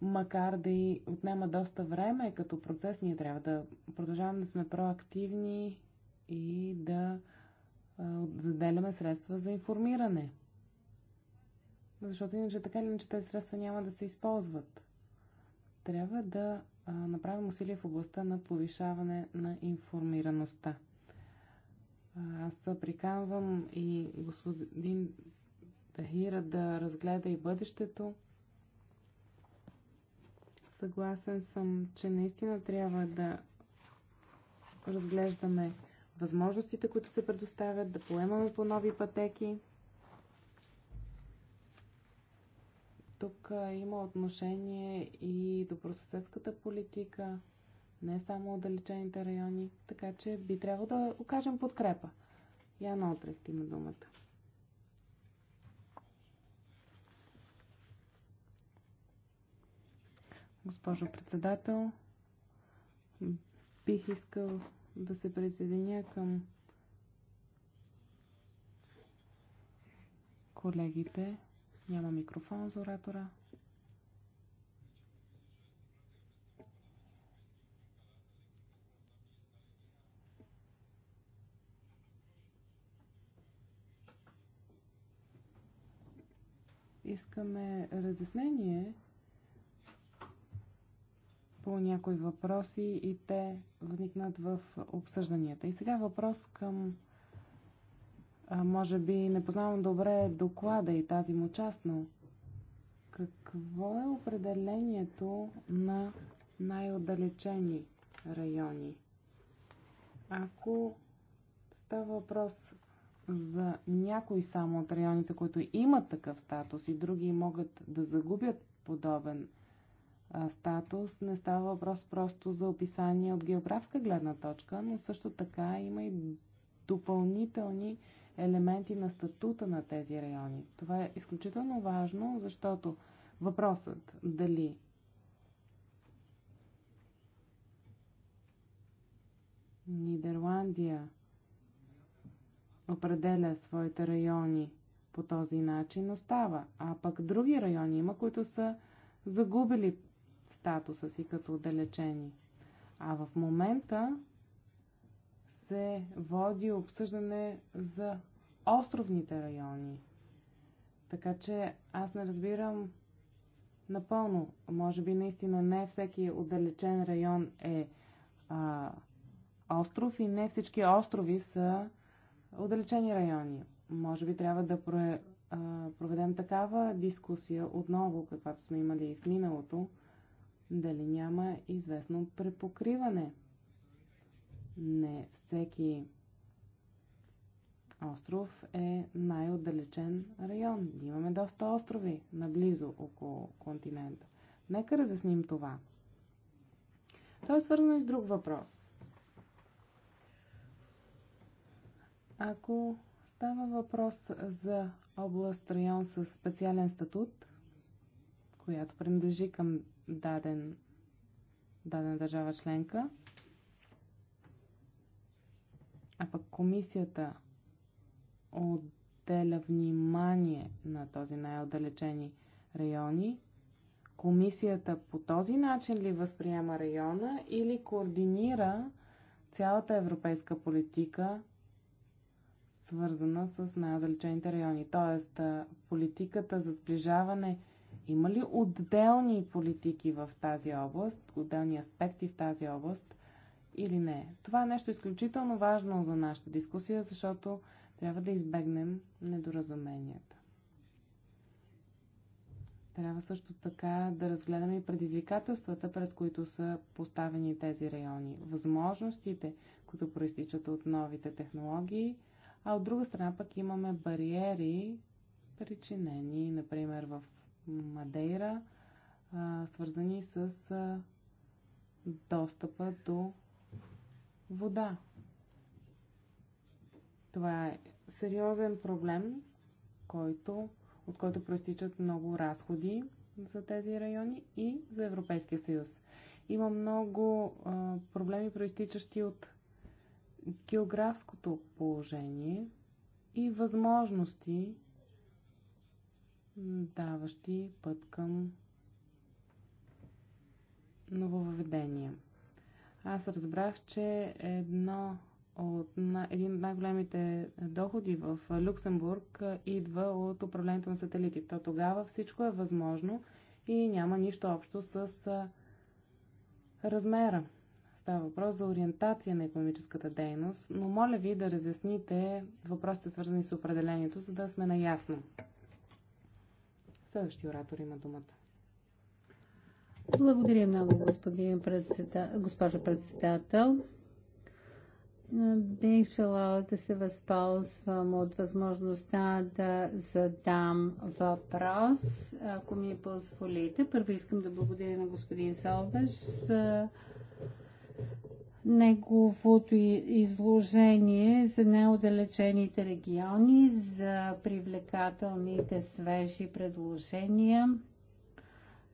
макар да и отнема доста време като процес, ние трябва да продължаваме да сме проактивни и да заделяме средства за информиране. Защото иначе така или иначе тези средства няма да се използват. Трябва да направим усилия в областта на повишаване на информираността. Аз приканвам и господин Тахира да разгледа и бъдещето. Съгласен съм, че наистина трябва да разглеждаме възможностите, които се предоставят, да поемаме по нови пътеки. Тук има отношение и добросъседската политика – не само отдалечените райони, така че би трябвало да окажем подкрепа. Яна ти на думата. Госпожо председател, бих искал да се присъединя към колегите. Няма микрофон за оратора. искаме разяснение по някои въпроси и те вникнат в обсъжданията. И сега въпрос към може би не познавам добре доклада и тази му част, но какво е определението на най-отдалечени райони? Ако става въпрос за някои само от районите, които имат такъв статус и други могат да загубят подобен а, статус, не става въпрос просто за описание от географска гледна точка, но също така има и допълнителни елементи на статута на тези райони. Това е изключително важно, защото въпросът дали Нидерландия определя своите райони по този начин, остава. А пък други райони има, които са загубили статуса си като отдалечени. А в момента се води обсъждане за островните райони. Така че аз не разбирам напълно. Може би наистина не всеки отдалечен район е а, остров и не всички острови са отдалечени райони. Може би трябва да проведем такава дискусия отново, каквато сме имали и в миналото, дали няма известно препокриване. Не всеки остров е най-отдалечен район. Имаме доста острови наблизо около континента. Нека разясним това. То е свързано и с друг въпрос. Ако става въпрос за област, район с специален статут, която принадлежи към даден, дадена държава членка, а пък комисията отделя внимание на този най-отдалечени райони, комисията по този начин ли възприема района или координира цялата европейска политика свързана с най-отдалечените райони. Тоест, политиката за сближаване има ли отделни политики в тази област, отделни аспекти в тази област или не? Това е нещо изключително важно за нашата дискусия, защото трябва да избегнем недоразуменията. Трябва също така да разгледаме и предизвикателствата, пред които са поставени тези райони, възможностите, които проистичат от новите технологии – а от друга страна пък имаме бариери, причинени, например, в Мадейра, свързани с достъпа до вода. Това е сериозен проблем, който, от който проистичат много разходи за тези райони и за Европейския съюз. Има много а, проблеми, проистичащи от географското положение и възможности, даващи път към нововведения. Аз разбрах, че едно от на, един от най-големите доходи в Люксембург идва от управлението на сателити. То тогава всичко е възможно и няма нищо общо с размера Става въпрос за ориентация на економическата дейност, но моля ви да разясните въпросите свързани с определението, за да сме наясно. Следващия оратор има думата. Благодаря много, господин председател, госпожо председател. Бих желала да се възползвам от възможността да задам въпрос, ако ми позволите. Първо искам да благодаря на господин Солбеш за неговото изложение за неодалечените региони, за привлекателните свежи предложения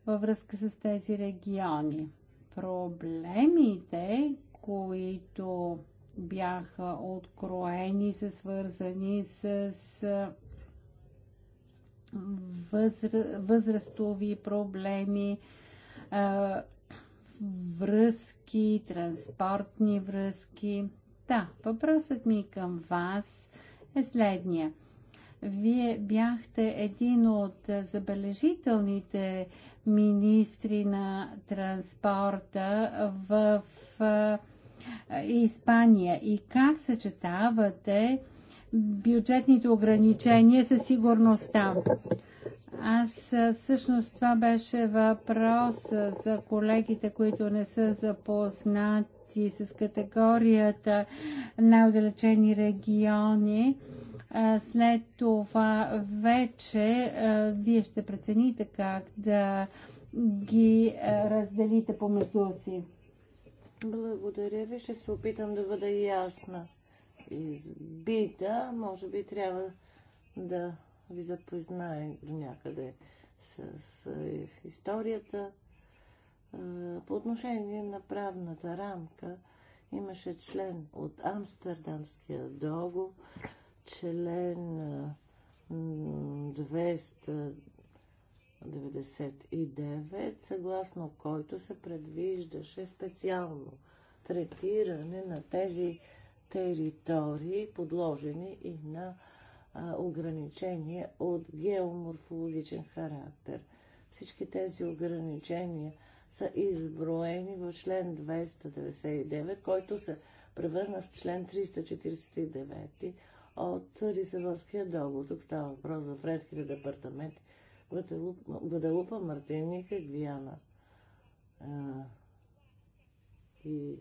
във връзка с тези региони. Проблемите, които бяха откроени, са свързани с възрастови проблеми, връзки, транспортни връзки. Да, въпросът ми към вас е следния. Вие бяхте един от забележителните министри на транспорта в Испания. И как съчетавате бюджетните ограничения със сигурността? Аз всъщност това беше въпрос за колегите, които не са запознати с категорията на отдалечени региони. След това вече вие ще прецените как да ги разделите помежду си. Благодаря ви, ще се опитам да бъда ясна. Избита, може би трябва да ви запознае до някъде с е, историята. По отношение на правната рамка имаше член от Амстердамския договор, член 299, съгласно който се предвиждаше специално третиране на тези територии, подложени и на ограничения от геоморфологичен характер. Всички тези ограничения са изброени в член 299, който се превърна в член 349 от Лисавонския договор. Тук става въпрос за френските департаменти Гваделупа, Мартиника, Гвиана и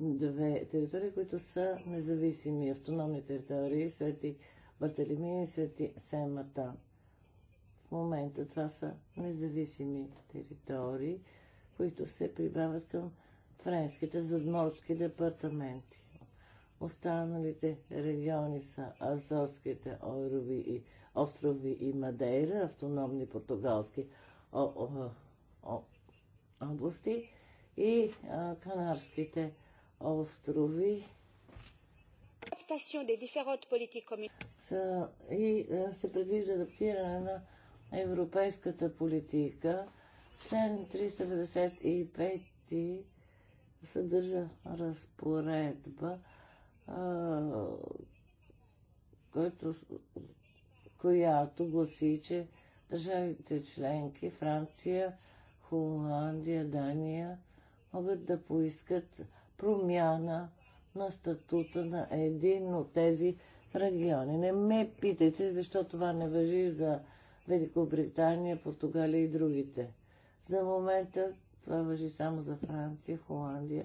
две територии, които са независими, автономни територии, Свети Бартелеми и Свети Семата. В момента това са независими територии, които се прибавят към френските задморски департаменти. Останалите региони са Азорските острови и, острови и Мадейра, автономни португалски области и а, Канарските острови. Са, и а, се предвижда адаптиране на европейската политика. Член 395 съдържа разпоредба, а, който, която гласи, че държавите членки Франция, Холандия, Дания могат да поискат промяна на статута на един от тези региони. Не ме питайте, защо това не въжи за Великобритания, Португалия и другите. За момента това въжи само за Франция, Холандия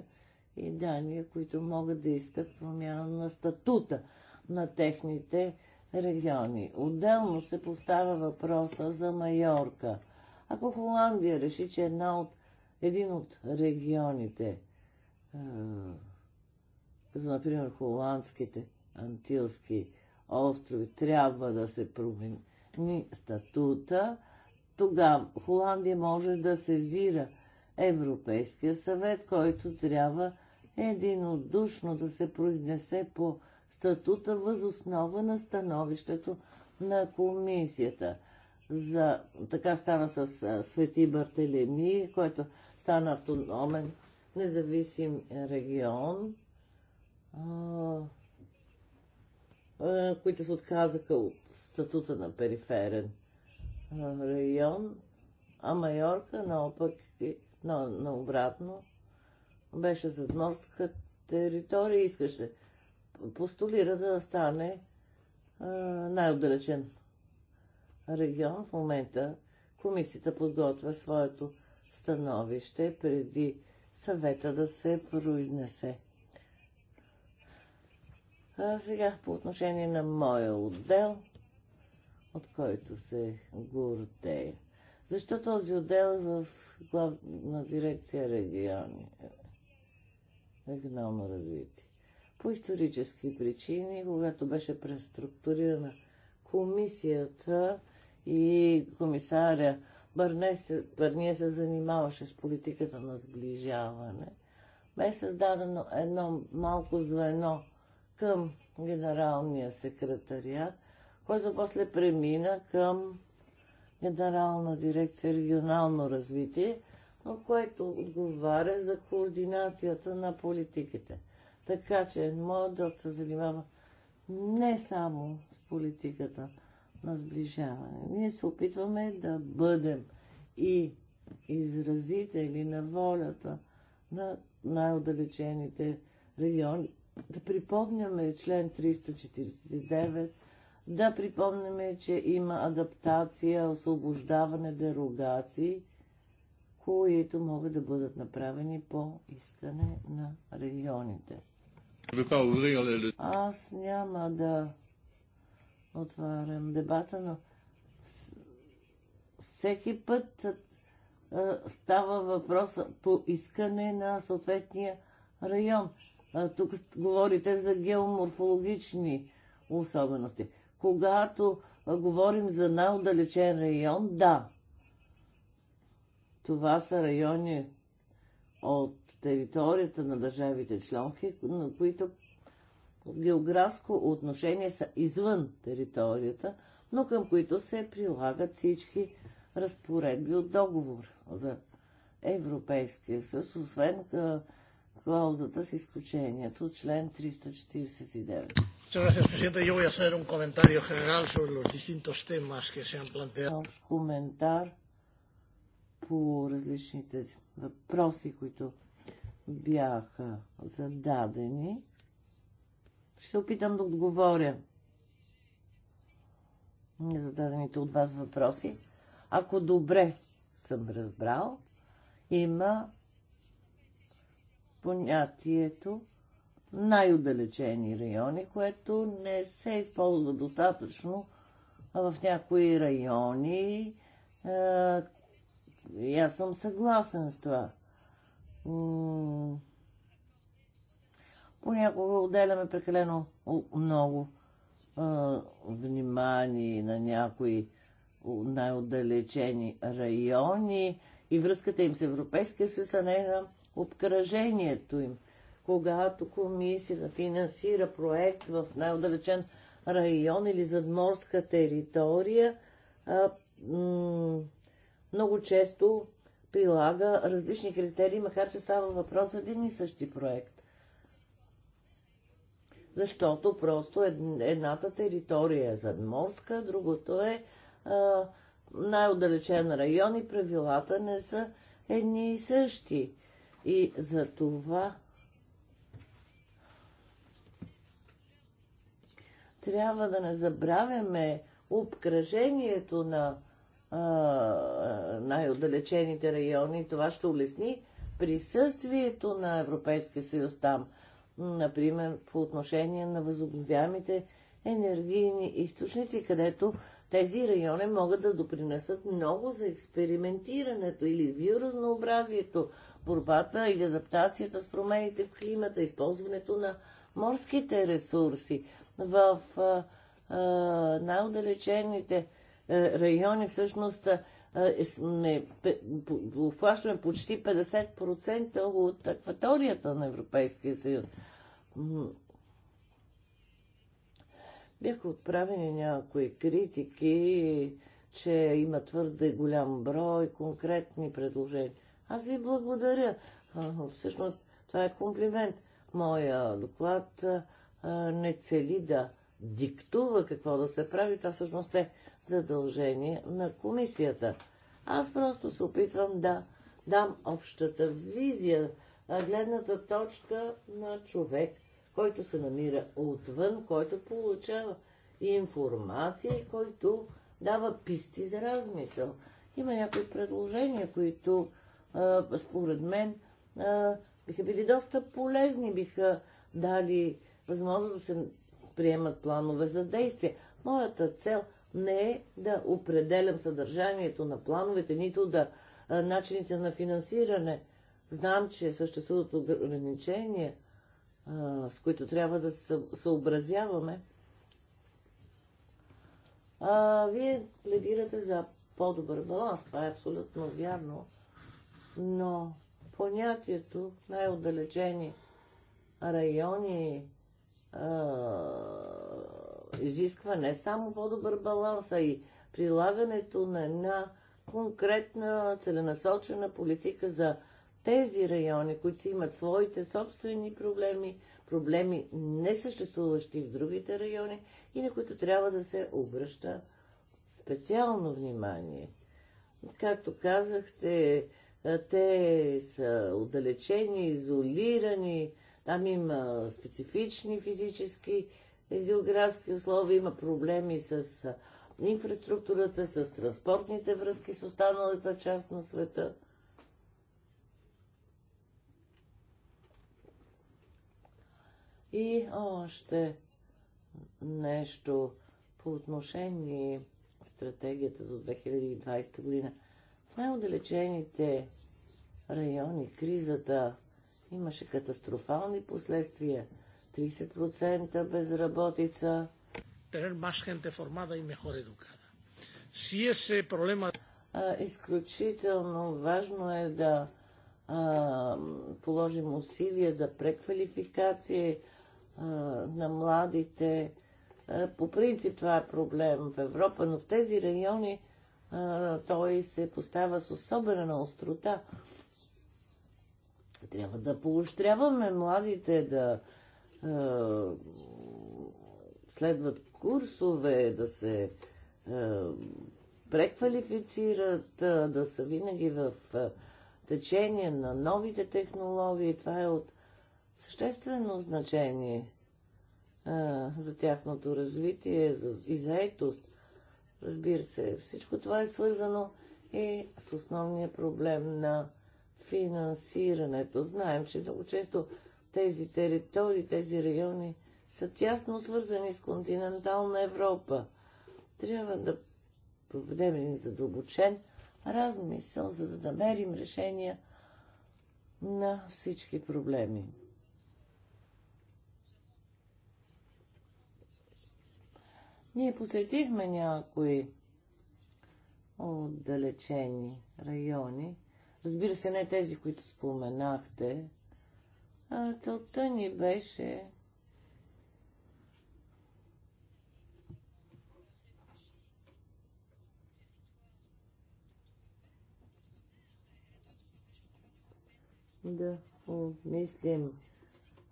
и Дания, които могат да искат промяна на статута на техните региони. Отделно се поставя въпроса за Майорка. Ако Холандия реши, че една от един от регионите, като например холандските антилски острови, трябва да се промени статута, тогава Холандия може да сезира Европейския съвет, който трябва единодушно да се произнесе по статута възоснова на становището на комисията – за... Така стана с Свети Бартелеми, който стана автономен, независим регион, които се отказаха от статута на периферен район, а Майорка наопак, на, на обратно, беше задморска територия и искаше постулира да стане най-отдалечен регион. В момента комисията подготвя своето становище преди съвета да се произнесе. А сега по отношение на моя отдел, от който се гордея. Защо този отдел е в главна дирекция региони? Регионално развитие. По исторически причини, когато беше преструктурирана комисията, и комисаря Бърне се, Бърния се занимаваше с политиката на сближаване, бе създадено едно малко звено към генералния секретариат, който после премина към Генерална дирекция регионално развитие, но което отговаря за координацията на политиките. Така че моят се занимава не само с политиката на сближаване. Ние се опитваме да бъдем и изразители на волята на най-отдалечените региони, да припомняме член 349, да припомняме, че има адаптация, освобождаване, дерогации, които могат да бъдат направени по искане на регионите. Аз няма да отварям дебата, но всеки път става въпрос по искане на съответния район. Тук говорите за геоморфологични особености. Когато говорим за най-отдалечен район, да, това са райони от територията на държавите членки, на които географско отношение са извън територията, но към които се прилагат всички разпоредби от договор за Европейския съюз, освен клаузата с изключението, член 349. Muchas presidente. Yo voy a hacer un comentario general sobre los distintos temas que se han planteado. Коментар по различните въпроси, които бяха зададени. Ще се опитам да отговоря на зададените от вас въпроси. Ако добре съм разбрал, има понятието най удалечени райони, което не се използва достатъчно в някои райони. И аз съм съгласен с това понякога отделяме прекалено много а, внимание на някои най-отдалечени райони и връзката им с Европейския съюз, а не на обкръжението им. Когато комисията финансира проект в най-отдалечен район или задморска територия, а, много често прилага различни критерии, макар че става въпрос за един и същи проект защото просто едната територия е задморска, другото е най-отдалечен район и правилата не са едни и същи. И за това трябва да не забравяме обкръжението на най-отдалечените райони. Това ще улесни присъствието на Европейския съюз там например, по отношение на възобновяемите енергийни източници, където тези райони могат да допринесат много за експериментирането или с биоразнообразието, борбата или адаптацията с промените в климата, използването на морските ресурси. В най-отдалечените райони всъщност е, сме, по, почти 50% от акваторията на Европейския съюз. Бяха отправени някои критики, че има твърде голям брой конкретни предложения. Аз ви благодаря. Всъщност, това е комплимент. Моя доклад не цели да диктува какво да се прави. Това всъщност е задължение на комисията. Аз просто се опитвам да дам общата визия, гледната точка на човек, който се намира отвън, който получава информация и който дава писти за размисъл. Има някои предложения, които според мен биха били доста полезни, биха дали възможност да се приемат планове за действие. Моята цел не е да определям съдържанието на плановете, нито да начините на финансиране. Знам, че съществуват ограничения, с които трябва да се съобразяваме. А, вие пледирате за по-добър баланс. Това е абсолютно вярно. Но понятието най-отдалечени райони а, изисква не само по-добър баланс, а и прилагането на една конкретна целенасочена политика за тези райони, които си имат своите собствени проблеми, проблеми не съществуващи в другите райони и на които трябва да се обръща специално внимание. Както казахте, те са отдалечени, изолирани, там има специфични физически и географски условия, има проблеми с инфраструктурата, с транспортните връзки с останалата част на света – И още нещо по отношение стратегията до 2020 година. В най-отдалечените райони кризата имаше катастрофални последствия. 30% безработица. Tener más gente formada y mejor educada. Si ese problema... А, изключително важно е да а, положим усилия за преквалификация, на младите. По принцип това е проблем в Европа, но в тези райони той се поставя с особена острота. Трябва да поощряваме младите да следват курсове, да се преквалифицират, да са винаги в течение на новите технологии. Това е от съществено значение а, за тяхното развитие за, и заетост. Разбира се, всичко това е свързано и с основния проблем на финансирането. Знаем, че много често тези територии, тези райони са тясно свързани с континентална Европа. Трябва да проведем един задълбочен размисъл, за да намерим решения на всички проблеми. Ние посетихме някои отдалечени райони. Разбира се, не тези, които споменахте. А целта ни беше да обмислим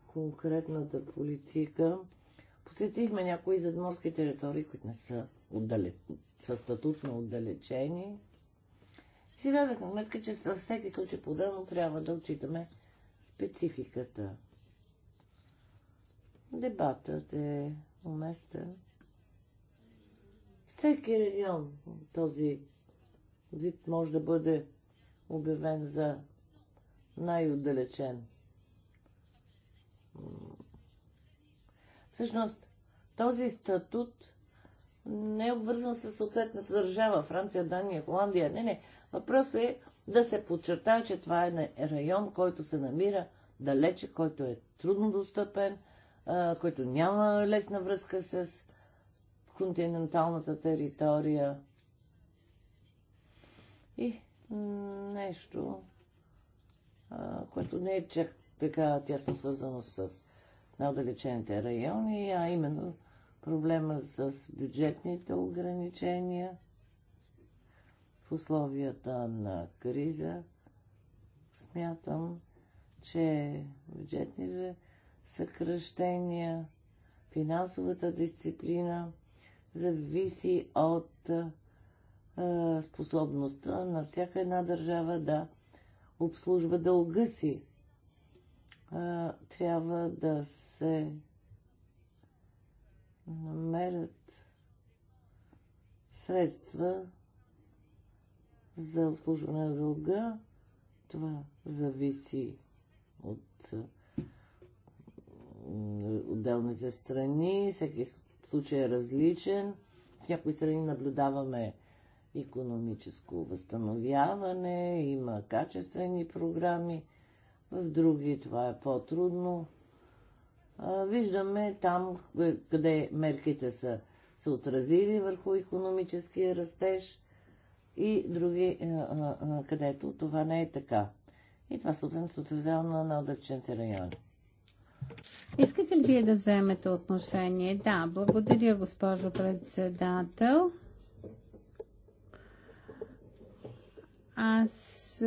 конкретната политика посетихме някои задморски територии, които не са отдалеч... със статут на отдалечени. И си дадахме сметка, че във всеки случай подълно трябва да отчитаме спецификата. Дебатът е уместен. Всеки регион този вид може да бъде обявен за най-отдалечен. Всъщност, този статут не е обвързан с съответната държава Франция, Дания, Холандия. Не, не. Въпросът е да се подчертая, че това е район, който се намира далече, който е трудно достъпен, който няма лесна връзка с континенталната територия. И нещо, което не е чак така тясно свързано с най-отдалечените райони, а именно проблема с бюджетните ограничения в условията на криза. Смятам, че бюджетните съкръщения, финансовата дисциплина зависи от е, способността на всяка една държава да обслужва дълга си. Е, трябва да се намерят средства за обслужване на дълга. Това зависи от отделните страни. Всеки случай е различен. В някои страни наблюдаваме економическо възстановяване, има качествени програми, в други това е по-трудно виждаме там, къде мерките са се отразили върху економическия растеж и други, където това не е така. И това съответно се отразява на надъчните райони. Искате ли вие да вземете отношение? Да, благодаря, госпожо председател. Аз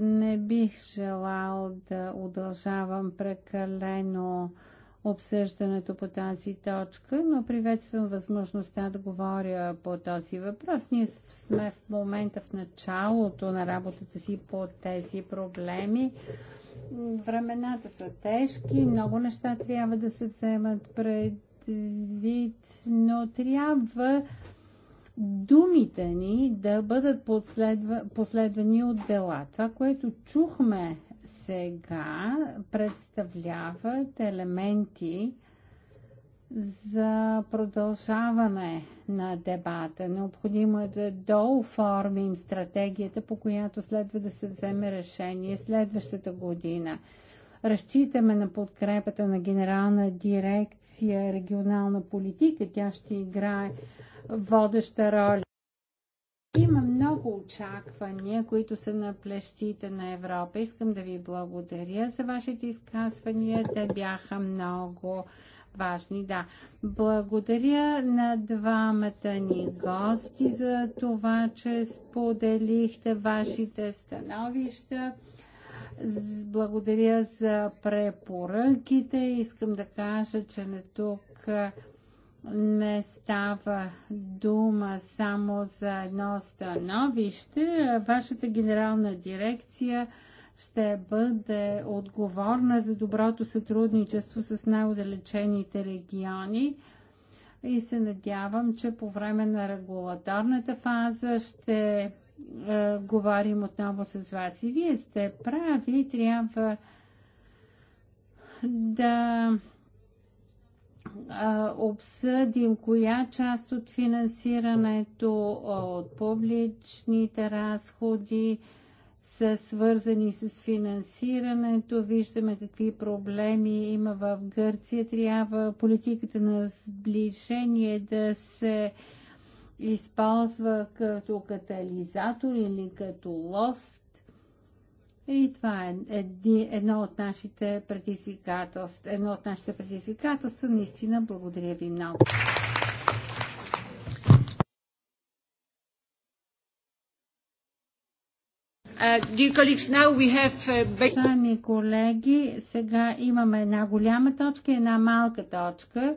не бих желал да удължавам прекалено обсъждането по тази точка, но приветствам възможността да говоря по този въпрос. Ние сме в момента в началото на работата си по тези проблеми. Времената са тежки, много неща трябва да се вземат предвид, но трябва думите ни да бъдат последва, последвани от дела. Това, което чухме сега представляват елементи за продължаване на дебата. Необходимо е да дооформим стратегията, по която следва да се вземе решение следващата година. Разчитаме на подкрепата на Генерална дирекция регионална политика. Тя ще играе водеща роля. Има много очаквания, които са на плещите на Европа. Искам да ви благодаря за вашите изказвания. Те бяха много важни, да. Благодаря на двамата ни гости за това, че споделихте вашите становища. Благодаря за препоръките. Искам да кажа, че не тук не става дума само за едно становище. Вашата генерална дирекция ще бъде отговорна за доброто сътрудничество с най-удалечените региони и се надявам, че по време на регулаторната фаза ще е, говорим отново с вас. И вие сте прави, трябва да обсъдим коя част от финансирането от публичните разходи са свързани с финансирането. Виждаме какви проблеми има в Гърция. Трябва политиката на сближение да се използва като катализатор или като лост и това е едно от нашите предизвикателства. Едно от нашите предизвикателства. Наистина, благодаря ви много. Uh, uh, Уважаеми колеги, сега имаме една голяма точка и една малка точка.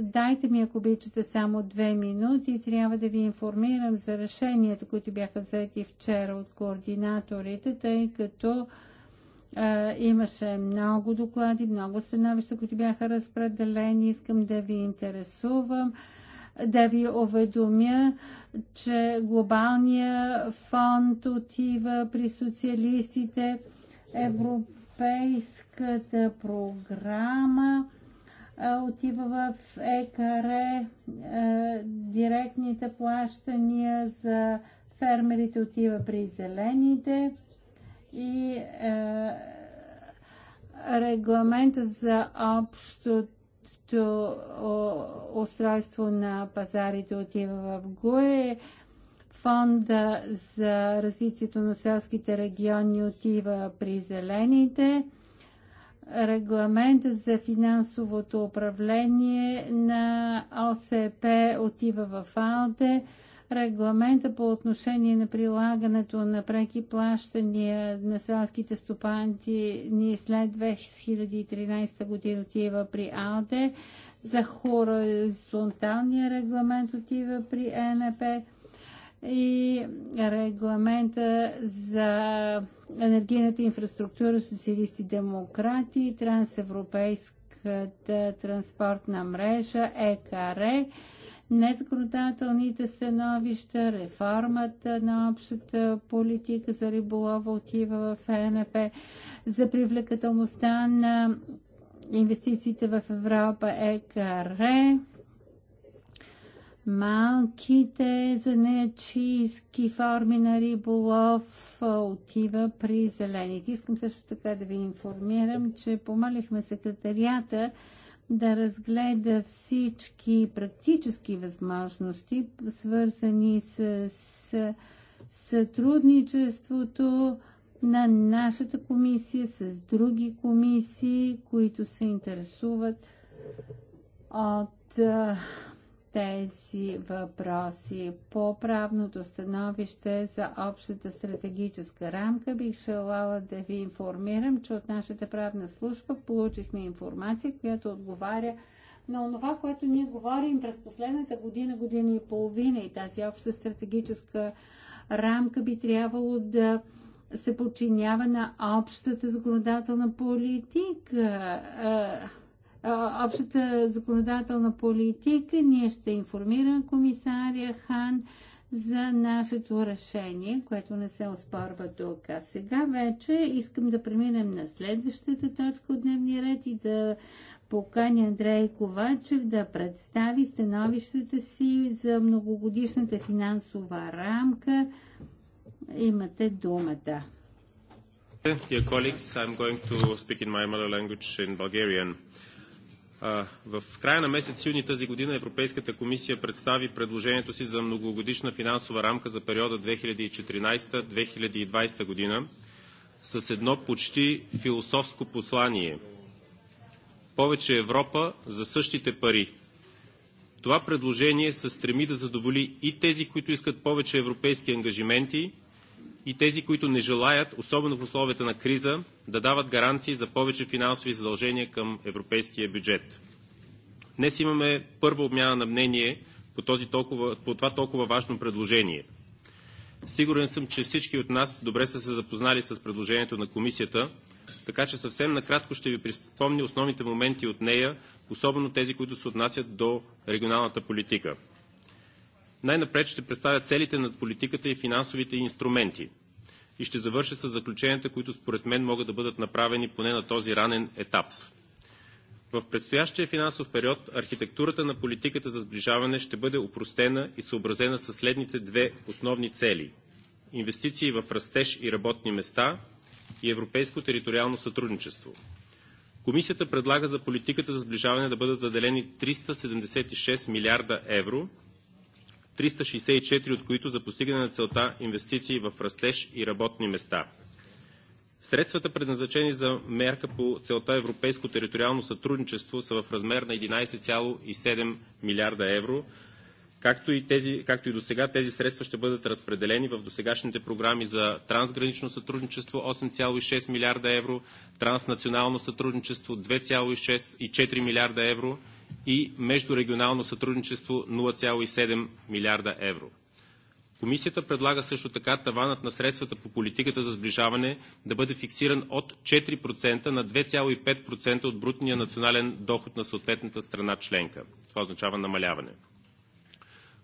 Дайте ми, ако обичате, само две минути трябва да ви информирам за решенията, които бяха взети вчера от координаторите, тъй като а, имаше много доклади, много становища, които бяха разпределени. Искам да ви интересувам да ви уведомя, че глобалния фонд отива при социалистите, Европейската програма отива в ЕКР директните плащания за фермерите отива при зелените и регламента за общото устройство на пазарите отива в ГУЕ, фонда за развитието на селските региони отива при зелените регламент за финансовото управление на ОСП отива в АЛДЕ. Регламента по отношение на прилагането на преки плащания на селските стопанти ни след 2013 година отива при АЛДЕ. За хоризонталния регламент отива при ЕНП и регламента за енергийната инфраструктура, социалисти, демократи, трансевропейската транспортна мрежа, ЕКР, незаконодателните становища, реформата на общата политика за риболова отива в ЕНП, за привлекателността на инвестициите в Европа, ЕКР, малките занечийски форми на риболов отива при зелените. Искам също така да ви информирам, че помолихме секретарията да разгледа всички практически възможности, свързани с, с сътрудничеството на нашата комисия с други комисии, които се интересуват от тези въпроси. По правното становище за общата стратегическа рамка бих желала да ви информирам, че от нашата правна служба получихме информация, която отговаря на това, което ние говорим през последната година, година и половина и тази обща стратегическа рамка би трябвало да се подчинява на общата законодателна политика. Е, общата законодателна политика, ние ще информираме комисария Хан за нашето решение, което не се оспорва тук. А сега вече искам да преминем на следващата точка от дневния ред и да покани Андрей Ковачев да представи становищата си за многогодишната финансова рамка. Имате думата. Dear colleagues, I'm going to speak in my mother language in Bulgarian. В края на месец юни тази година Европейската комисия представи предложението си за многогодишна финансова рамка за периода 2014-2020 година с едно почти философско послание. Повече Европа за същите пари. Това предложение се стреми да задоволи и тези, които искат повече европейски ангажименти – и тези, които не желаят, особено в условията на криза, да дават гаранции за повече финансови задължения към европейския бюджет. Днес имаме първа обмяна на мнение по, този толкова, по това толкова важно предложение. Сигурен съм, че всички от нас добре са се запознали с предложението на комисията, така че съвсем накратко ще ви припомня основните моменти от нея, особено тези, които се отнасят до регионалната политика – най-напред ще представя целите над политиката и финансовите инструменти. И ще завърша с заключенията, които според мен могат да бъдат направени поне на този ранен етап. В предстоящия финансов период архитектурата на политиката за сближаване ще бъде опростена и съобразена с следните две основни цели – инвестиции в растеж и работни места и европейско териториално сътрудничество. Комисията предлага за политиката за сближаване да бъдат заделени 376 милиарда евро – 364 от които за постигане на целта инвестиции в растеж и работни места. Средствата, предназначени за мерка по целта Европейско териториално сътрудничество, са в размер на 11,7 милиарда евро, Както и, тези, както и до сега, тези средства ще бъдат разпределени в досегашните програми за трансгранично сътрудничество 8,6 милиарда евро, транснационално сътрудничество 2,6 и 4 милиарда евро, и междурегионално сътрудничество 0,7 милиарда евро. Комисията предлага също така таванът на средствата по политиката за сближаване да бъде фиксиран от 4% на 2,5% от брутния национален доход на съответната страна членка. Това означава намаляване.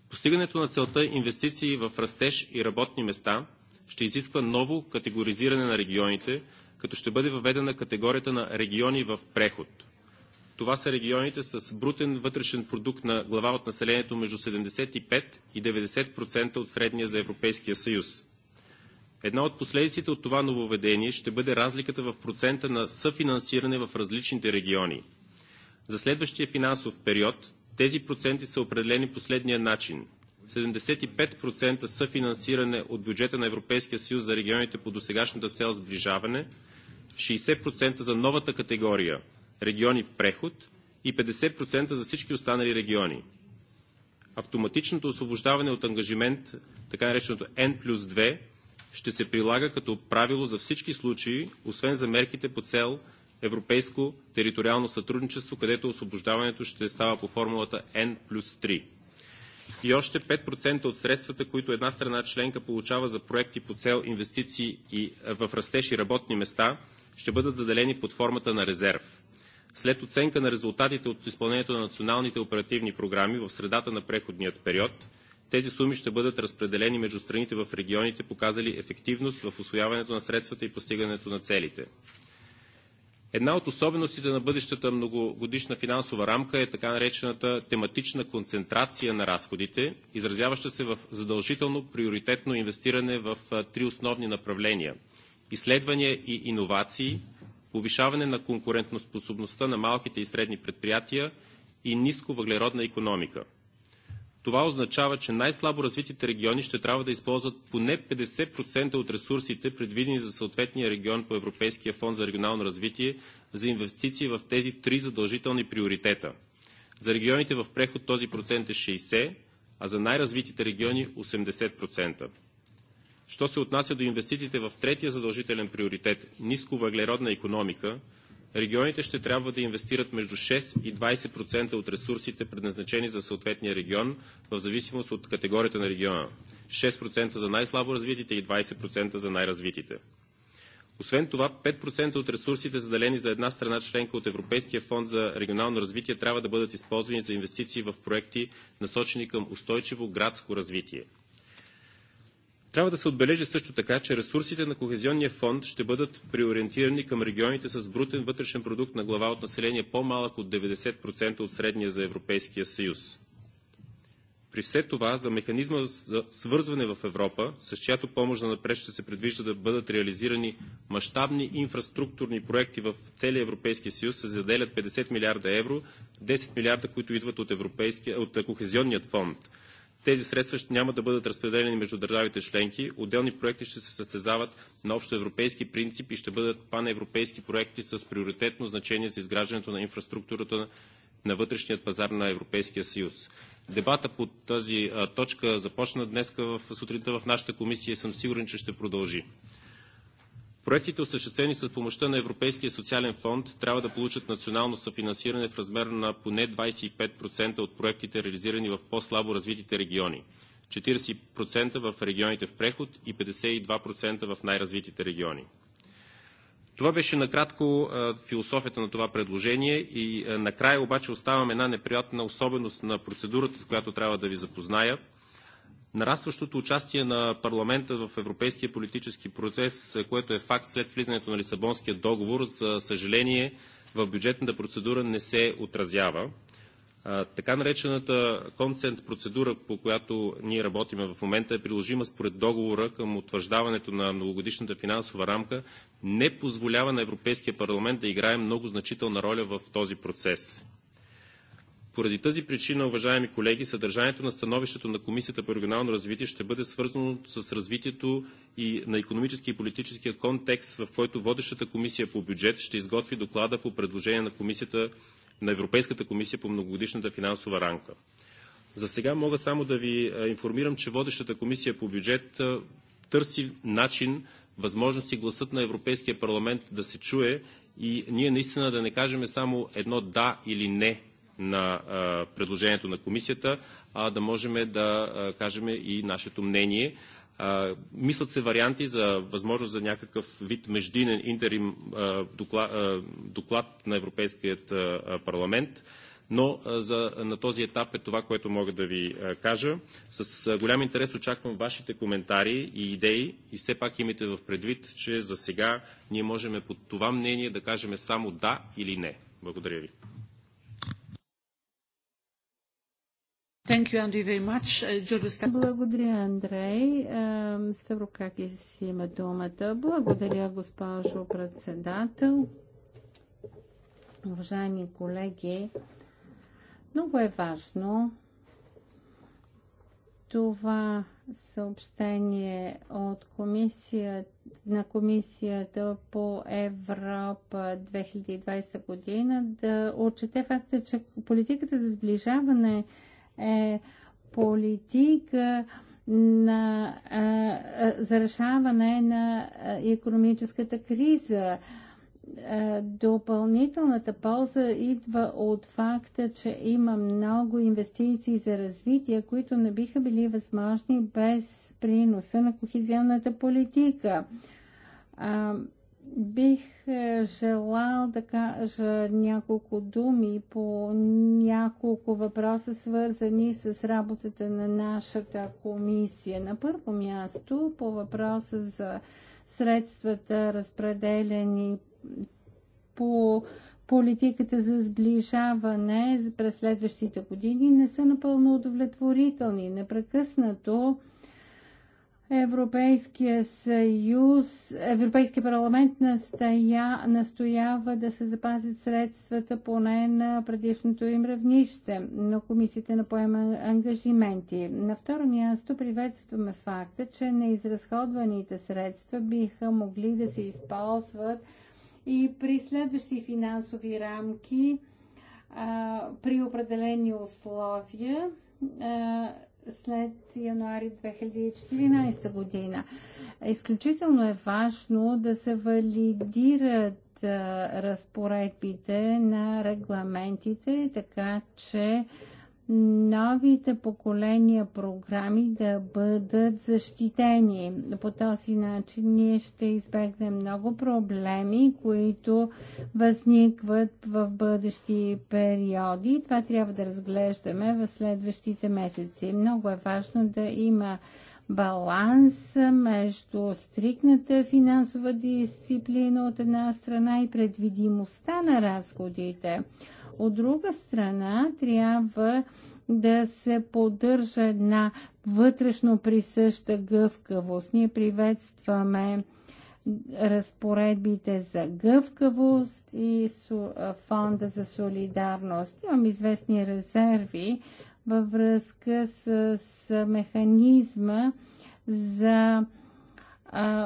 Постигането на целта инвестиции в растеж и работни места ще изисква ново категоризиране на регионите, като ще бъде въведена категорията на региони в преход – това са регионите с брутен вътрешен продукт на глава от населението между 75 и 90% от средния за Европейския съюз. Една от последиците от това нововведение ще бъде разликата в процента на съфинансиране в различните региони. За следващия финансов период тези проценти са определени последния начин. 75% съфинансиране от бюджета на Европейския съюз за регионите по досегашната цел сближаване, 60% за новата категория – региони в преход и 50% за всички останали региони. Автоматичното освобождаване от ангажимент, така нареченото N плюс 2, ще се прилага като правило за всички случаи, освен за мерките по цел Европейско териториално сътрудничество, където освобождаването ще става по формулата N плюс 3. И още 5% от средствата, които една страна членка получава за проекти по цел инвестиции и в растеж и работни места, ще бъдат заделени под формата на резерв. След оценка на резултатите от изпълнението на националните оперативни програми в средата на преходният период, тези суми ще бъдат разпределени между страните в регионите, показали ефективност в освояването на средствата и постигането на целите. Една от особеностите на бъдещата многогодишна финансова рамка е така наречената тематична концентрация на разходите, изразяваща се в задължително приоритетно инвестиране в три основни направления – изследвания и иновации, повишаване на конкурентоспособността на малките и средни предприятия и ниско въглеродна економика. Това означава, че най-слабо развитите региони ще трябва да използват поне 50% от ресурсите, предвидени за съответния регион по Европейския фонд за регионално развитие, за инвестиции в тези три задължителни приоритета. За регионите в преход този процент е 60%, а за най-развитите региони 80%. Що се отнася до инвестициите в третия задължителен приоритет – нисковъглеродна економика, регионите ще трябва да инвестират между 6 и 20% от ресурсите, предназначени за съответния регион, в зависимост от категорията на региона. 6% за най-слабо развитите и 20% за най-развитите. Освен това, 5% от ресурсите, заделени за една страна членка от Европейския фонд за регионално развитие, трябва да бъдат използвани за инвестиции в проекти, насочени към устойчиво градско развитие – трябва да се отбележи също така, че ресурсите на Кохезионния фонд ще бъдат приориентирани към регионите с брутен вътрешен продукт на глава от население по-малък от 90% от средния за Европейския съюз. При все това, за механизма за свързване в Европа, с чиято помощ за напред ще се предвижда да бъдат реализирани мащабни инфраструктурни проекти в целия Европейския съюз, се заделят 50 милиарда евро, 10 милиарда, които идват от, от Кохезионният фонд – тези средства няма да бъдат разпределени между държавите членки. Отделни проекти ще се състезават на общоевропейски принцип и ще бъдат паневропейски проекти с приоритетно значение за изграждането на инфраструктурата на вътрешният пазар на Европейския съюз. Дебата по тази точка започна днес в сутринта в нашата комисия и съм сигурен, че ще продължи. Проектите, осъществени с помощта на Европейския социален фонд, трябва да получат национално съфинансиране в размер на поне 25% от проектите, реализирани в по-слабо развитите региони, 40% в регионите в преход и 52% в най-развитите региони. Това беше накратко философията на това предложение и накрая обаче оставам една неприятна особеност на процедурата, с която трябва да ви запозная – Нарастващото участие на парламента в европейския политически процес, е, което е факт след влизането на Лисабонския договор, за съжаление в бюджетната процедура не се отразява. Така наречената консент процедура, по която ние работим в момента, е приложима според договора към утвърждаването на многогодишната финансова рамка, не позволява на Европейския парламент да играе много значителна роля в този процес. Поради тази причина, уважаеми колеги, съдържанието на становището на Комисията по регионално развитие ще бъде свързано с развитието и на економически и политическия контекст, в който водещата комисия по бюджет ще изготви доклада по предложение на, комисията, на Европейската комисия по многогодишната финансова рамка. За сега мога само да ви информирам, че водещата комисия по бюджет търси начин, възможности гласът на Европейския парламент да се чуе и ние наистина да не кажем само едно да или не на предложението на комисията, а да можем да кажем и нашето мнение. Мислят се варианти за възможност за някакъв вид междинен интерим доклад, доклад на Европейският парламент, но за, на този етап е това, което мога да ви кажа. С голям интерес очаквам вашите коментари и идеи и все пак имайте в предвид, че за сега ние можем под това мнение да кажем само да или не. Благодаря ви. Thank you, Andrew, very much. Uh, Благодаря, Андрей. Uh, Ставрокакис има думата. Благодаря, госпожо председател. Уважаеми колеги, много е важно това съобщение от комисия, на комисията по Европа 2020 година да отчете факта, че политиката за сближаване е е политика на, е, за решаване на економическата криза. Допълнителната полза идва от факта, че има много инвестиции за развитие, които не биха били възможни без приноса на кохезионната политика. Бих е, желал да кажа няколко думи по няколко въпроса, свързани с работата на нашата комисия. На първо място по въпроса за средствата, разпределени по политиката за сближаване през следващите години, не са напълно удовлетворителни. Непрекъснато Европейския съюз, Европейския парламент настоя, настоява да се запазят средствата поне на предишното им равнище, но комисията не поема ангажименти. На второ място приветстваме факта, че неизразходваните средства биха могли да се използват и при следващи финансови рамки а, при определени условия а, след януари 2014 година. Изключително е важно да се валидират разпоредбите на регламентите, така че новите поколения програми да бъдат защитени. По този начин ние ще избегнем много проблеми, които възникват в бъдещи периоди. Това трябва да разглеждаме в следващите месеци. Много е важно да има баланс между стрикната финансова дисциплина от една страна и предвидимостта на разходите от друга страна, трябва да се поддържа една вътрешно присъща гъвкавост. Ние приветстваме разпоредбите за гъвкавост и фонда за солидарност. Имам известни резерви във връзка с механизма за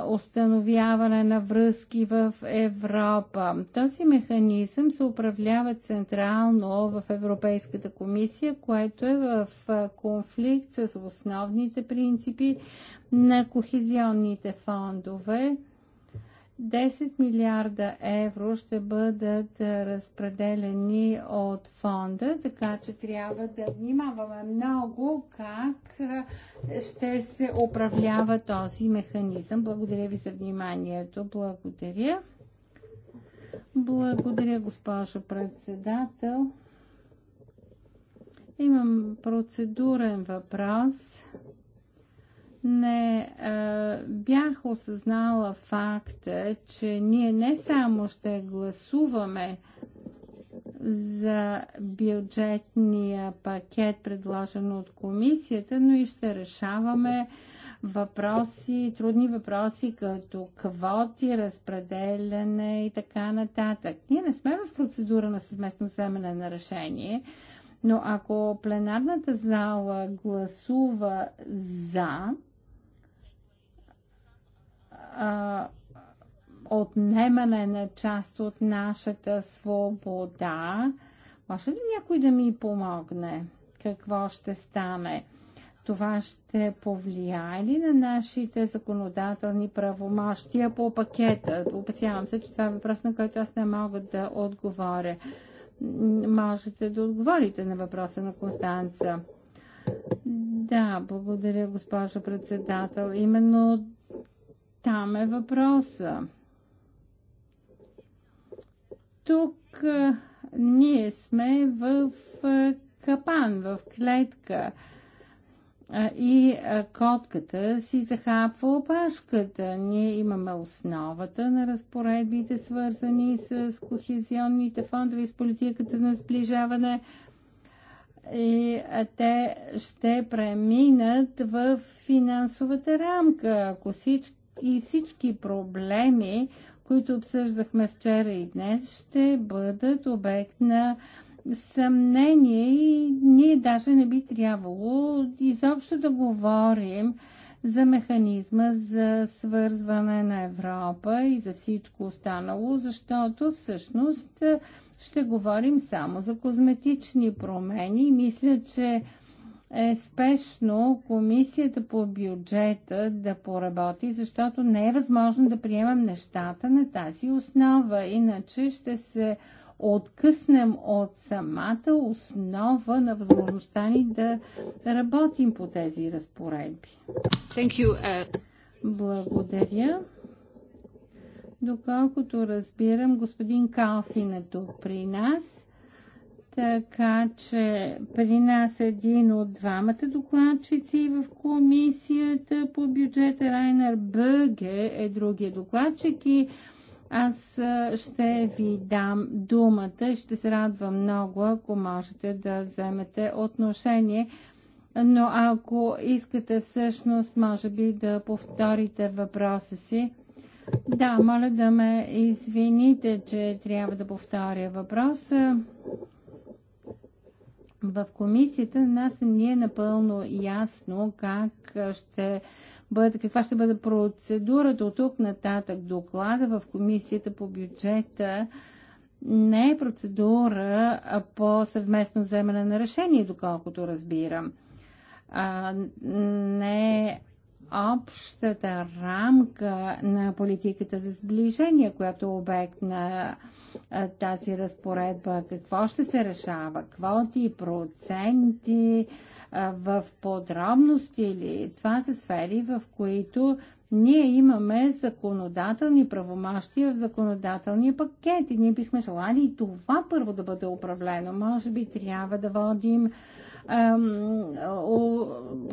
установяване на връзки в Европа. Този механизъм се управлява централно в Европейската комисия, което е в конфликт с основните принципи на кохезионните фондове 10 милиарда евро ще бъдат разпределени от фонда, така че трябва да внимаваме много как ще се управлява този механизъм. Благодаря ви за вниманието. Благодаря. Благодаря, госпожо председател. Имам процедурен въпрос не а, бях осъзнала факта, че ние не само ще гласуваме за бюджетния пакет, предложен от комисията, но и ще решаваме въпроси, трудни въпроси, като квоти, разпределяне и така нататък. Ние не сме в процедура на съвместно вземане на решение, но ако пленарната зала гласува за, отнемане на част от нашата свобода. Може ли някой да ми помогне? Какво ще стане? Това ще повлияе ли на нашите законодателни правомощия по пакета? Опасявам се, че това е въпрос, на който аз не мога да отговоря. Можете да отговорите на въпроса на Констанца. Да, благодаря, госпожо председател. Именно там е въпроса. Тук ние сме в капан, в клетка и котката си захапва опашката. Ние имаме основата на разпоредбите, свързани с кохезионните фондове и с политиката на сближаване. И те ще преминат в финансовата рамка. Ако всички и всички проблеми, които обсъждахме вчера и днес, ще бъдат обект на съмнение и ние даже не би трябвало изобщо да говорим за механизма за свързване на Европа и за всичко останало, защото всъщност ще говорим само за козметични промени. Мисля, че е спешно комисията по бюджета да поработи, защото не е възможно да приемам нещата на тази основа. Иначе ще се откъснем от самата основа на възможността ни да работим по тези разпоредби. Thank you. Uh... Благодаря. Доколкото разбирам, господин Калфин е тук при нас. Така че при нас един от двамата докладчици в комисията по бюджета Райнер Бъге е другия докладчик и аз ще ви дам думата и ще се радвам много, ако можете да вземете отношение. Но ако искате всъщност, може би да повторите въпроса си. Да, моля да ме извините, че трябва да повторя въпроса. В комисията на нас ни е напълно ясно как ще бъде, каква ще бъде процедурата от тук нататък. Доклада в комисията по бюджета не е процедура по съвместно вземане на решение, доколкото разбирам. А, не е общата рамка на политиката за сближение, която е обект на тази разпоредба. Какво ще се решава? Квоти, проценти, в подробности или това са сфери, в които ние имаме законодателни правомащия в законодателния пакет и ние бихме желали и това първо да бъде управлено. Може би трябва да водим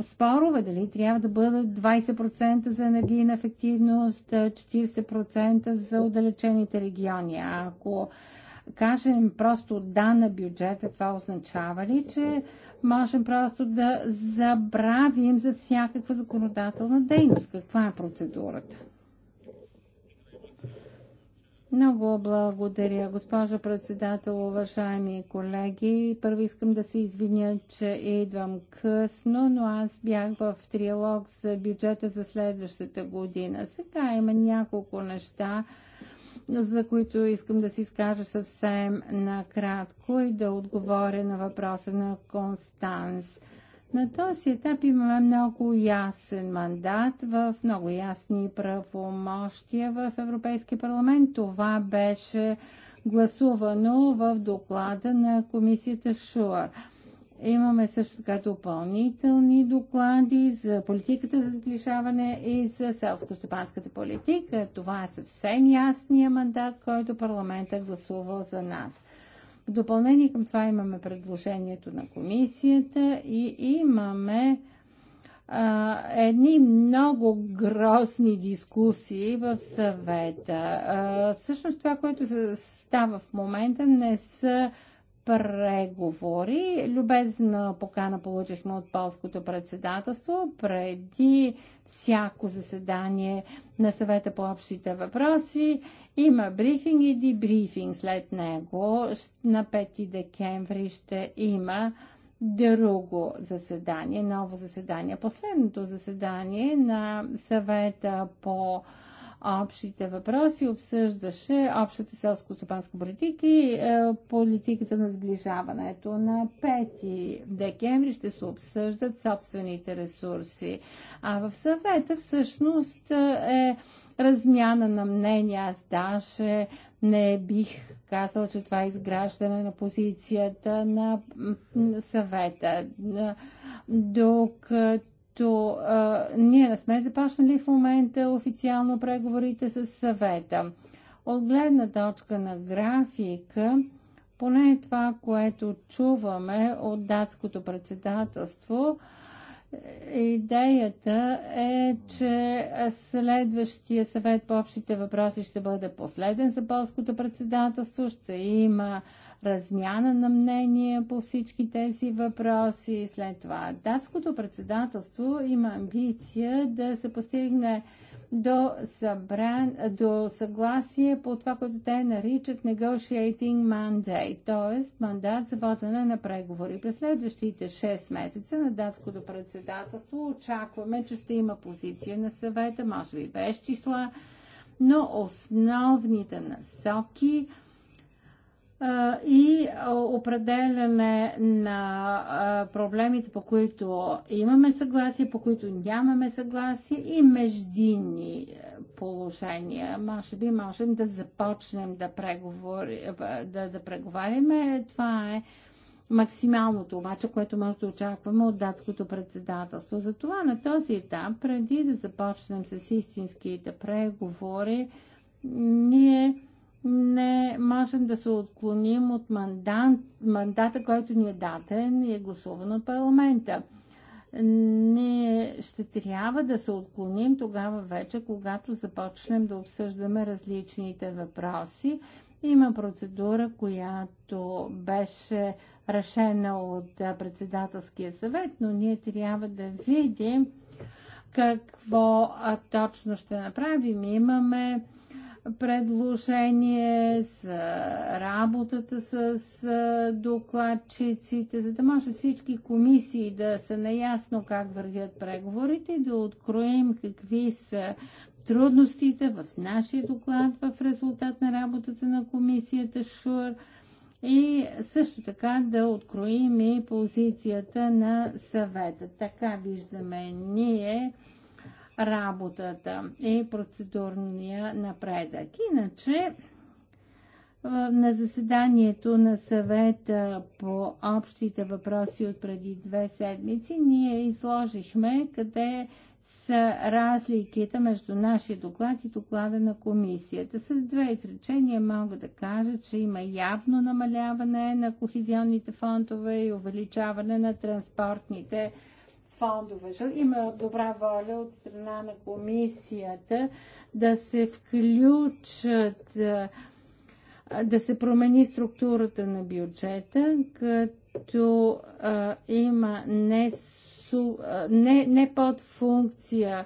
спорове дали трябва да бъдат 20% за енергийна ефективност, 40% за отдалечените региони. А ако кажем просто да на бюджета, това означава ли, че можем просто да забравим за всякаква законодателна дейност? Каква е процедурата? Много благодаря, госпожо председател, уважаеми колеги. Първо искам да се извиня, че идвам късно, но аз бях в триалог за бюджета за следващата година. Сега има няколко неща, за които искам да си изкажа съвсем накратко и да отговоря на въпроса на Констанс. На този етап имаме много ясен мандат в много ясни правомощия в Европейския парламент. Това беше гласувано в доклада на комисията ШУАР. Имаме също така допълнителни доклади за политиката за сближаване и за селско-стопанската политика. Това е съвсем ясния мандат, който парламентът е гласува за нас. В допълнение към това имаме предложението на комисията и имаме а, едни много грозни дискусии в съвета. А, всъщност това, което става в момента, не са преговори. Любезна покана получихме от полското председателство преди всяко заседание на съвета по общите въпроси има брифинг и дебрифинг след него. На 5 декември ще има друго заседание, ново заседание. Последното заседание на съвета по общите въпроси обсъждаше общата селско-стопанска политика и е, политиката на сближаването. На 5 декември ще се обсъждат собствените ресурси. А в съвета всъщност е размяна на мнения. Аз даже не бих казал, че това е изграждане на позицията на съвета. Докато а, ние не сме започнали в момента официално преговорите с съвета. От гледна точка на графика, поне това, което чуваме от датското председателство, а, Идеята е, че следващия съвет по общите въпроси ще бъде последен за полското председателство. Ще има размяна на мнение по всички тези въпроси. След това датското председателство има амбиция да се постигне до, събран, до съгласие по това, което те наричат negotiating mandate, т.е. мандат за водене на преговори. През следващите 6 месеца на датското председателство очакваме, че ще има позиция на съвета, може би без числа, но основните насоки – и определяне на проблемите, по които имаме съгласие, по които нямаме съгласие и междинни е, положения. Може би можем да започнем да, преговори, е, да, да преговаряме. Това е максималното обаче, което може да очакваме от датското председателство. Затова на този етап, преди да започнем с истинските преговори, ние не можем да се отклоним от мандат, мандата, който ни е даден и е гласуван от парламента. Ние ще трябва да се отклоним тогава вече, когато започнем да обсъждаме различните въпроси. Има процедура, която беше решена от председателския съвет, но ние трябва да видим какво точно ще направим. Имаме предложение, с работата с докладчиците, за да може всички комисии да са наясно как вървят преговорите и да откроим какви са трудностите в нашия доклад в резултат на работата на комисията ШУР и също така да откроим и позицията на съвета. Така виждаме ние работата и процедурния напредък. Иначе на заседанието на съвета по общите въпроси от преди две седмици ние изложихме къде са разликите между нашия доклад и доклада на комисията. С две изречения мога да кажа, че има явно намаляване на кохезионните фондове и увеличаване на транспортните фондове фондове. Има добра воля от страна на комисията да се включат, да се промени структурата на бюджета, като има не като не, не под функция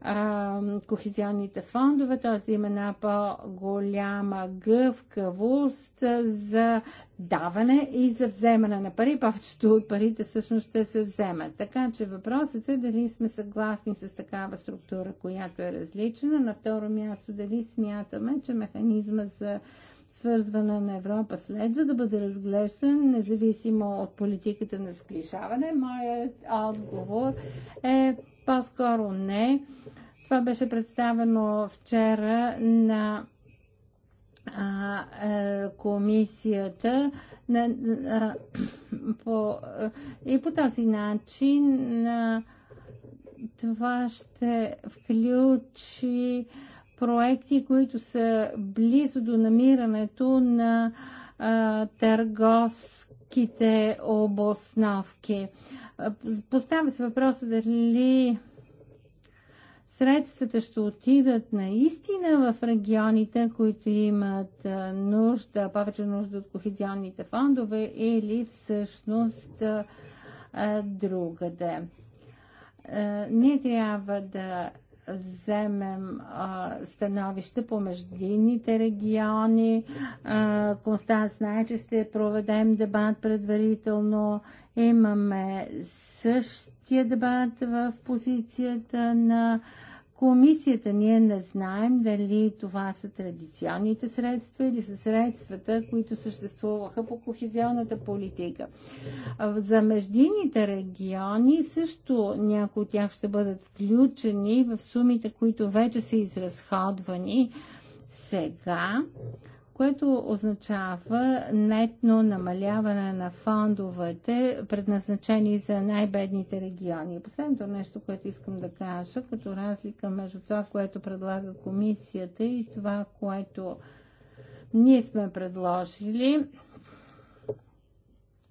а, кохезионните фондове, т.е. да има една по-голяма гъвкавост за даване и за вземане на пари. Повечето от парите всъщност ще се вземат. Така че въпросът е дали сме съгласни с такава структура, която е различна. На второ място, дали смятаме, че механизма за свързване на Европа следва да бъде разглеждан, независимо от политиката на сближаване. Моят отговор е по-скоро не. Това беше представено вчера на а, е, комисията на, а, по, а, и по този начин а, това ще включи а, проекти, които са близо до намирането на а, търговските обосновки. Поставя се въпроса дали средствата ще отидат наистина в регионите, които имат нужда, повече нужда от кохезионните фондове или всъщност другаде. Ние трябва да вземем а, становище по междинните региони. А, Констант знае, че ще проведем дебат предварително. Имаме същия дебат в позицията на а, комисията. Ние не знаем дали това са традиционните средства или са средствата, които съществуваха по кохезионната политика. За междинните региони също някои от тях ще бъдат включени в сумите, които вече са изразходвани сега което означава нетно намаляване на фондовете, предназначени за най-бедните региони. Последното нещо, което искам да кажа, като разлика между това, което предлага комисията и това, което ние сме предложили,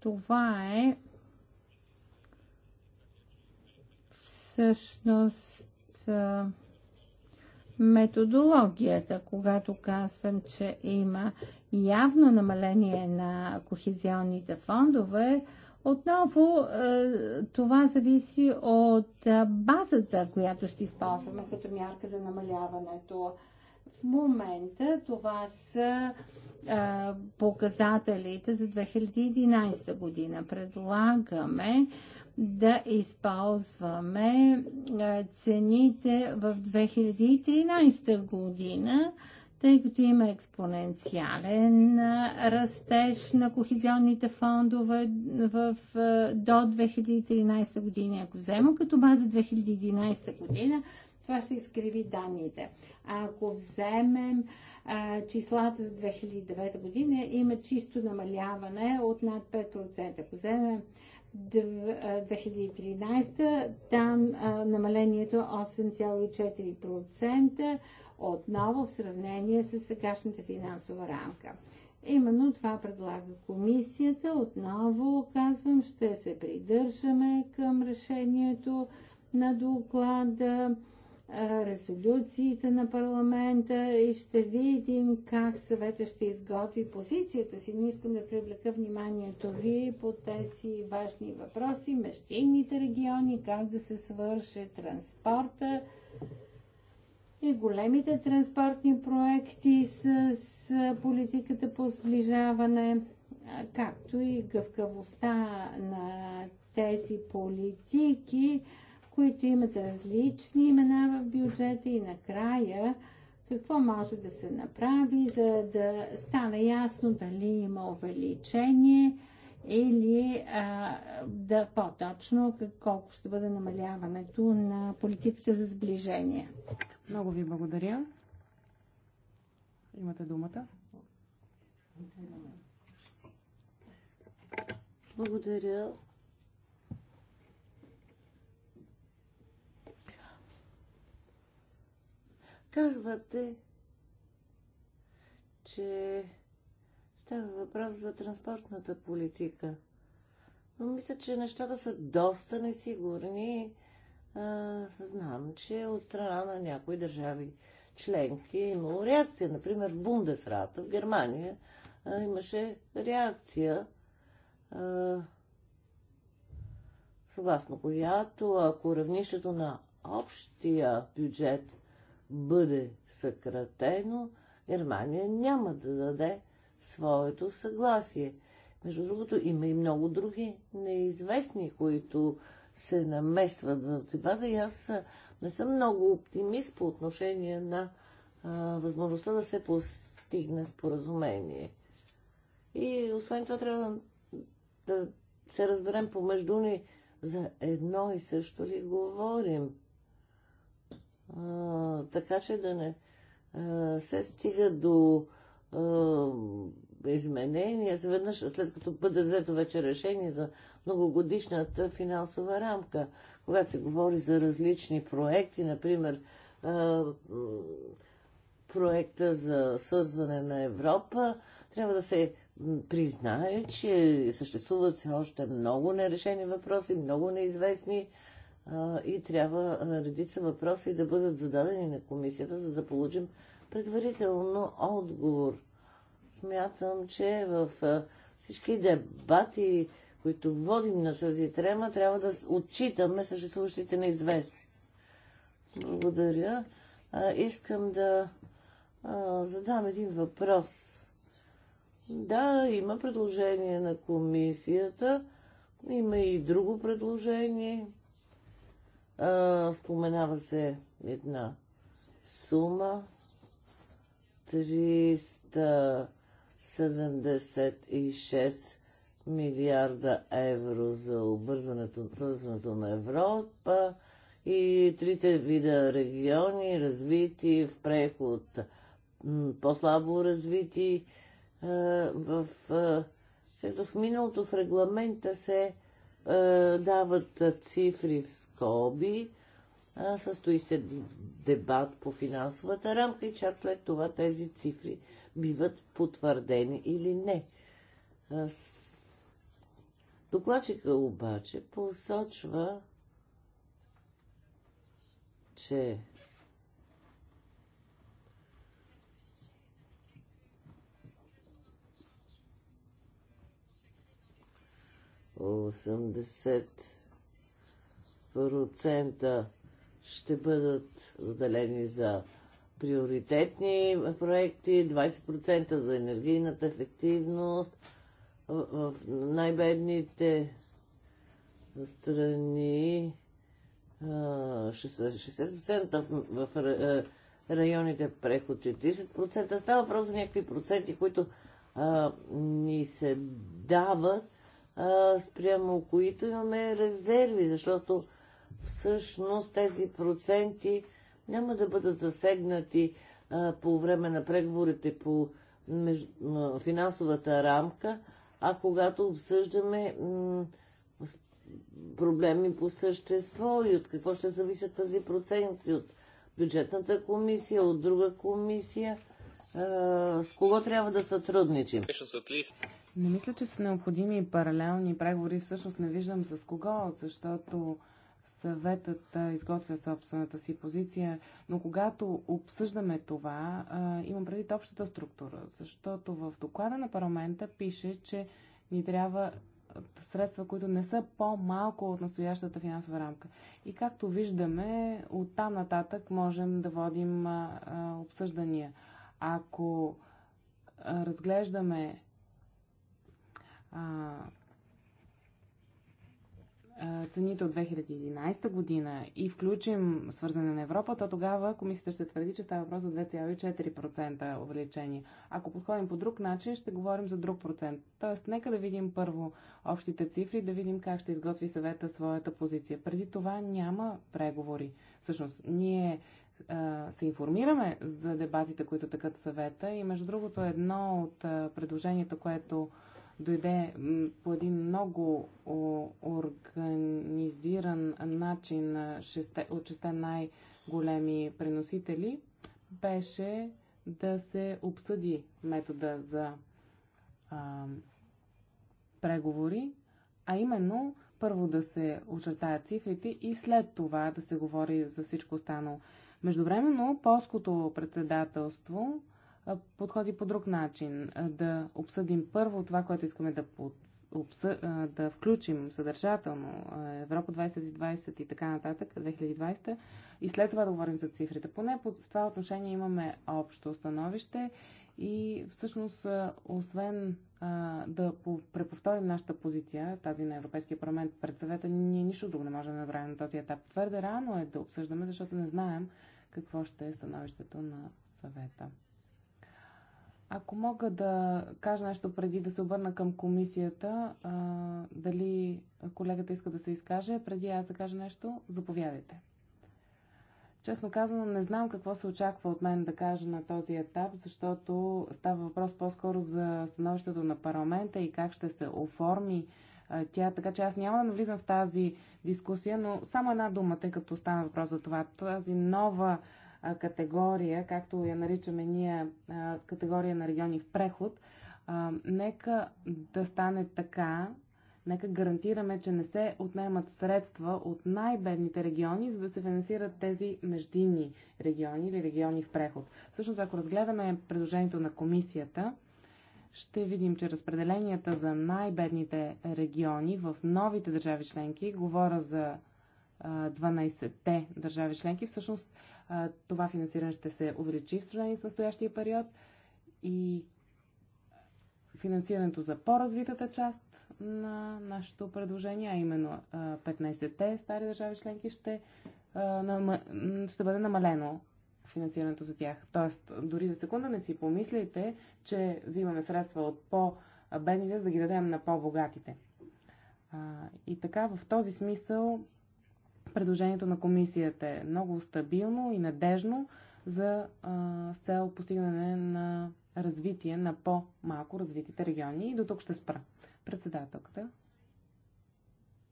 това е всъщност методологията, когато казвам, че има явно намаление на кохезионните фондове, отново е, това зависи от е, базата, която ще използваме като мярка за намаляването. В момента това са е, показателите за 2011 година. Предлагаме да използваме цените в 2013 година, тъй като има експоненциален растеж на кохезионните фондове в, в, до 2013 година. Ако взема като база 2011 година, това ще изкриви данните. А ако вземем а, числата за 2009 година, има чисто намаляване от над 5%. Ако вземем 2013. Там а, намалението 8,4% е отново в сравнение с сегашната финансова рамка. Именно това предлага комисията. Отново казвам, ще се придържаме към решението на доклада резолюциите на парламента и ще видим как съвета ще изготви позицията си. Не искам да привлека вниманието ви по тези важни въпроси, мещинните региони, как да се свърши транспорта и големите транспортни проекти с политиката по сближаване, както и гъвкавостта на тези политики които имат различни имена в бюджета и накрая какво може да се направи, за да стане ясно дали има увеличение или а, да по-точно колко ще бъде намаляването на политиката за сближение. Много ви благодаря. Имате думата. Благодаря Казвате, че става въпрос за транспортната политика. Но мисля, че нещата са доста несигурни. А, знам, че от страна на някои държави членки е имало реакция. Например, в Бундесрата в Германия а, имаше реакция, а, съгласно която ако равнището на общия бюджет бъде съкратено, Германия няма да даде своето съгласие. Между другото, има и много други неизвестни, които се намесват в дебата и аз не съм много оптимист по отношение на а, възможността да се постигне споразумение. И освен това трябва да, да се разберем помежду ни за едно и също ли говорим а, така че да не а, се стига до а, изменения, веднъж след като бъде взето вече решение за многогодишната финансова рамка, когато се говори за различни проекти, например а, проекта за Съзване на Европа, трябва да се признае, че съществуват все още много нерешени въпроси, много неизвестни и трябва редица въпроси да бъдат зададени на комисията, за да получим предварително отговор. Смятам, че в всички дебати, които водим на тази трема, трябва да отчитаме съществуващите неизвестни. Благодаря. Искам да задам един въпрос. Да, има предложение на комисията. Има и друго предложение. А, споменава се една сума 376 милиарда евро за обвързването, свързването на Европа и трите вида региони, развити в преход, по-слабо развити. в, в миналото в регламента се е, дават е, цифри в скоби, състои се дебат по финансовата рамка и чак след това тези цифри биват потвърдени или не. Докладчика обаче посочва, че 80% ще бъдат заделени за приоритетни проекти, 20% за енергийната ефективност в най-бедните страни, 60% в районите преход 40%. Става въпрос за някакви проценти, които а, ни се дават спрямо които имаме резерви, защото всъщност тези проценти няма да бъдат засегнати а, по време на преговорите по меж... финансовата рамка, а когато обсъждаме проблеми по същество и от какво ще зависят тази проценти, от бюджетната комисия, от друга комисия, а, с кого трябва да сътрудничим. Не мисля, че са необходими паралелни преговори. Всъщност не виждам с кого, защото съветът изготвя собствената си позиция. Но когато обсъждаме това, имам предвид общата структура, защото в доклада на парламента пише, че ни трябва средства, които не са по-малко от настоящата финансова рамка. И както виждаме, от там нататък можем да водим обсъждания. Ако разглеждаме а, цените от 2011 година и включим свързане на Европа, то тогава комисията ще твърди, че става въпрос за 2,4% увеличение. Ако подходим по друг начин, ще говорим за друг процент. Тоест, нека да видим първо общите цифри, да видим как ще изготви съвета своята позиция. Преди това няма преговори. Всъщност, ние се информираме за дебатите, които такът съвета и между другото едно от предложението, което дойде по един много организиран начин от шесте най-големи преносители, беше да се обсъди метода за а, преговори, а именно първо да се очертаят цифрите и след това да се говори за всичко останало. Междувременно, полското председателство подходи по друг начин. Да обсъдим първо това, което искаме да, под, обсъ, да включим съдържателно Европа 2020 и така нататък, 2020, и след това да говорим за цифрите. Поне по това отношение имаме общо становище и всъщност, освен да преповторим нашата позиция, тази на Европейския парламент пред съвета, ние нищо друго не можем да направим на този етап. Твърде рано е да обсъждаме, защото не знаем какво ще е становището на съвета. Ако мога да кажа нещо преди да се обърна към комисията, а, дали колегата иска да се изкаже, преди аз да кажа нещо, заповядайте. Честно казано, не знам какво се очаква от мен да кажа на този етап, защото става въпрос по-скоро за становището на парламента и как ще се оформи а, тя. Така че аз няма да навлизам в тази дискусия, но само една дума, тъй като стана въпрос за това. Тази нова категория, както я наричаме ние категория на региони в преход, нека да стане така, нека гарантираме, че не се отнемат средства от най-бедните региони, за да се финансират тези междинни региони или региони в преход. Всъщност, ако разгледаме предложението на комисията, ще видим, че разпределенията за най-бедните региони в новите държави членки, говоря за 12-те държави членки, всъщност това финансиране ще се увеличи в сравнение с настоящия период и финансирането за по-развитата част на нашето предложение, а именно 15-те стари държави членки ще, ще бъде намалено финансирането за тях. Тоест, дори за секунда не си помислите, че взимаме средства от по-бедните, за да ги дадем на по-богатите. и така, в този смисъл Предложението на комисията е много стабилно и надежно за, а, с цел постигане на развитие на по-малко развитите региони. И до тук ще спра. Председателката.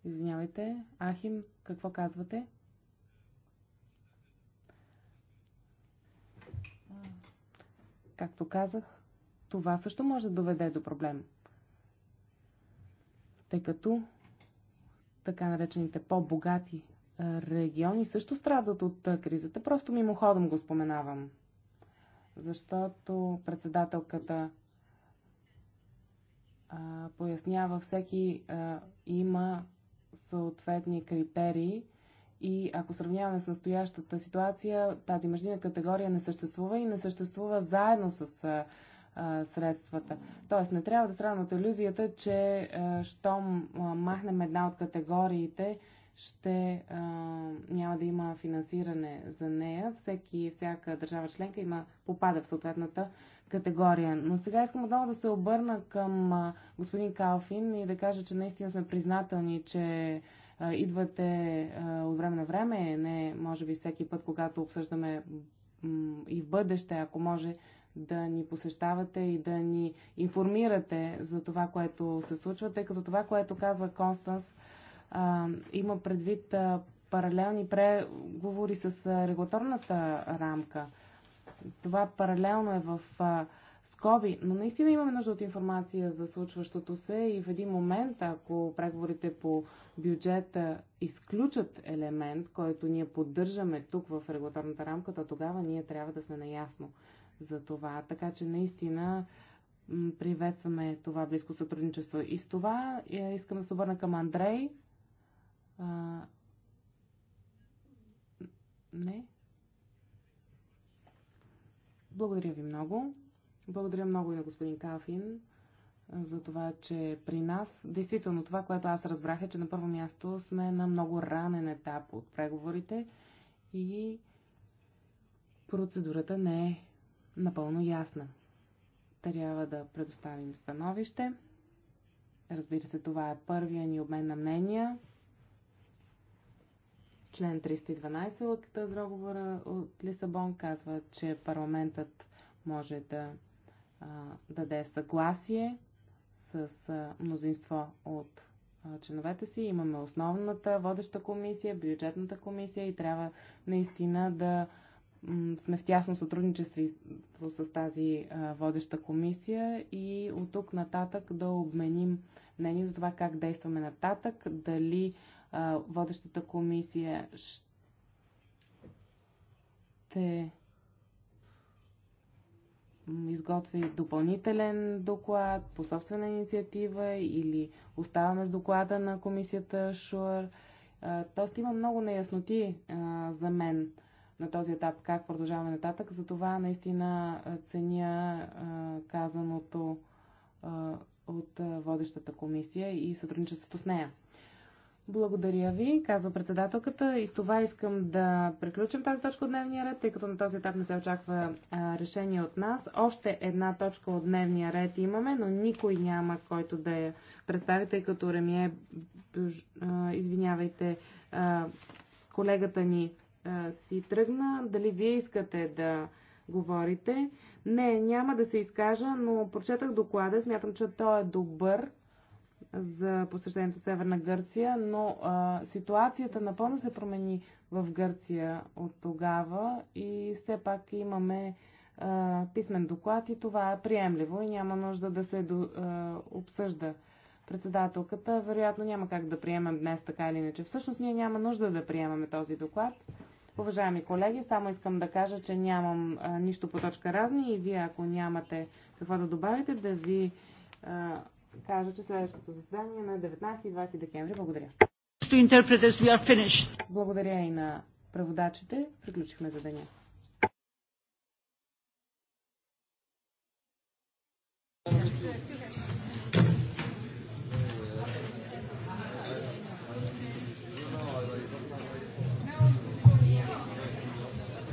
Извинявайте. Ахим, какво казвате? Както казах, това също може да доведе до проблем. Тъй като така наречените по-богати региони също страдат от кризата. Просто мимоходом го споменавам. Защото председателката а, пояснява, всеки а, има съответни критерии и ако сравняваме с настоящата ситуация, тази междинна категория не съществува и не съществува заедно с а, а, средствата. Тоест не трябва да сравнят от иллюзията, че а, щом махнем една от категориите, а, ще а, няма да има финансиране за нея. Всеки, всяка държава членка има, попада в съответната категория. Но сега искам отново да се обърна към а, господин Калфин и да кажа, че наистина сме признателни, че а, идвате а, от време на време, не може би всеки път, когато обсъждаме и в бъдеще, ако може да ни посещавате и да ни информирате за това, което се случва, тъй като това, което казва Констанс, а, има предвид а, паралелни преговори с а, регулаторната рамка. Това паралелно е в а, скоби, но наистина имаме нужда от информация за случващото се и в един момент, ако преговорите по бюджета изключат елемент, който ние поддържаме тук в регулаторната рамка, то тогава ние трябва да сме наясно за това. Така че наистина приветстваме това близко сътрудничество. И с това е, искам да се обърна към Андрей. А, не. Благодаря ви много. Благодаря много и на господин Калфин за това, че е при нас, действително това, което аз разбрах е, че на първо място сме на много ранен етап от преговорите и процедурата не е напълно ясна. Трябва да предоставим становище. Разбира се, това е първия ни обмен на мнения. Член 312 от договора от Лисабон казва, че парламентът може да а, даде съгласие с а, мнозинство от а, членовете си. Имаме основната водеща комисия, бюджетната комисия и трябва наистина да сме в тясно сътрудничество с тази а, водеща комисия и от тук нататък да обменим мнение за това как действаме нататък, дали водещата комисия ще изготви допълнителен доклад по собствена инициатива или оставаме с доклада на комисията ШУР. Тоест има много неясноти за мен на този етап как продължаваме нататък. Затова наистина ценя казаното от водещата комисия и сътрудничеството с нея. Благодаря ви, казва председателката. И с това искам да приключим тази точка от дневния ред, тъй като на този етап не се очаква а, решение от нас. Още една точка от дневния ред имаме, но никой няма, който да я представи, тъй като Ремие, а, извинявайте, а, колегата ни а, си тръгна. Дали вие искате да говорите? Не, няма да се изкажа, но прочетах доклада. Смятам, че той е добър за посещението в Северна Гърция, но а, ситуацията напълно се промени в Гърция от тогава и все пак имаме а, писмен доклад и това е приемливо и няма нужда да се до, а, обсъжда председателката. Вероятно няма как да приемем днес така или иначе. Всъщност ние няма нужда да приемаме този доклад. Уважаеми колеги, само искам да кажа, че нямам а, нищо по точка разни и вие, ако нямате какво да добавите, да ви а, кажа, че следващото заседание е на 19 и 20 декември. Благодаря. Благодаря и на преводачите. Приключихме за деня.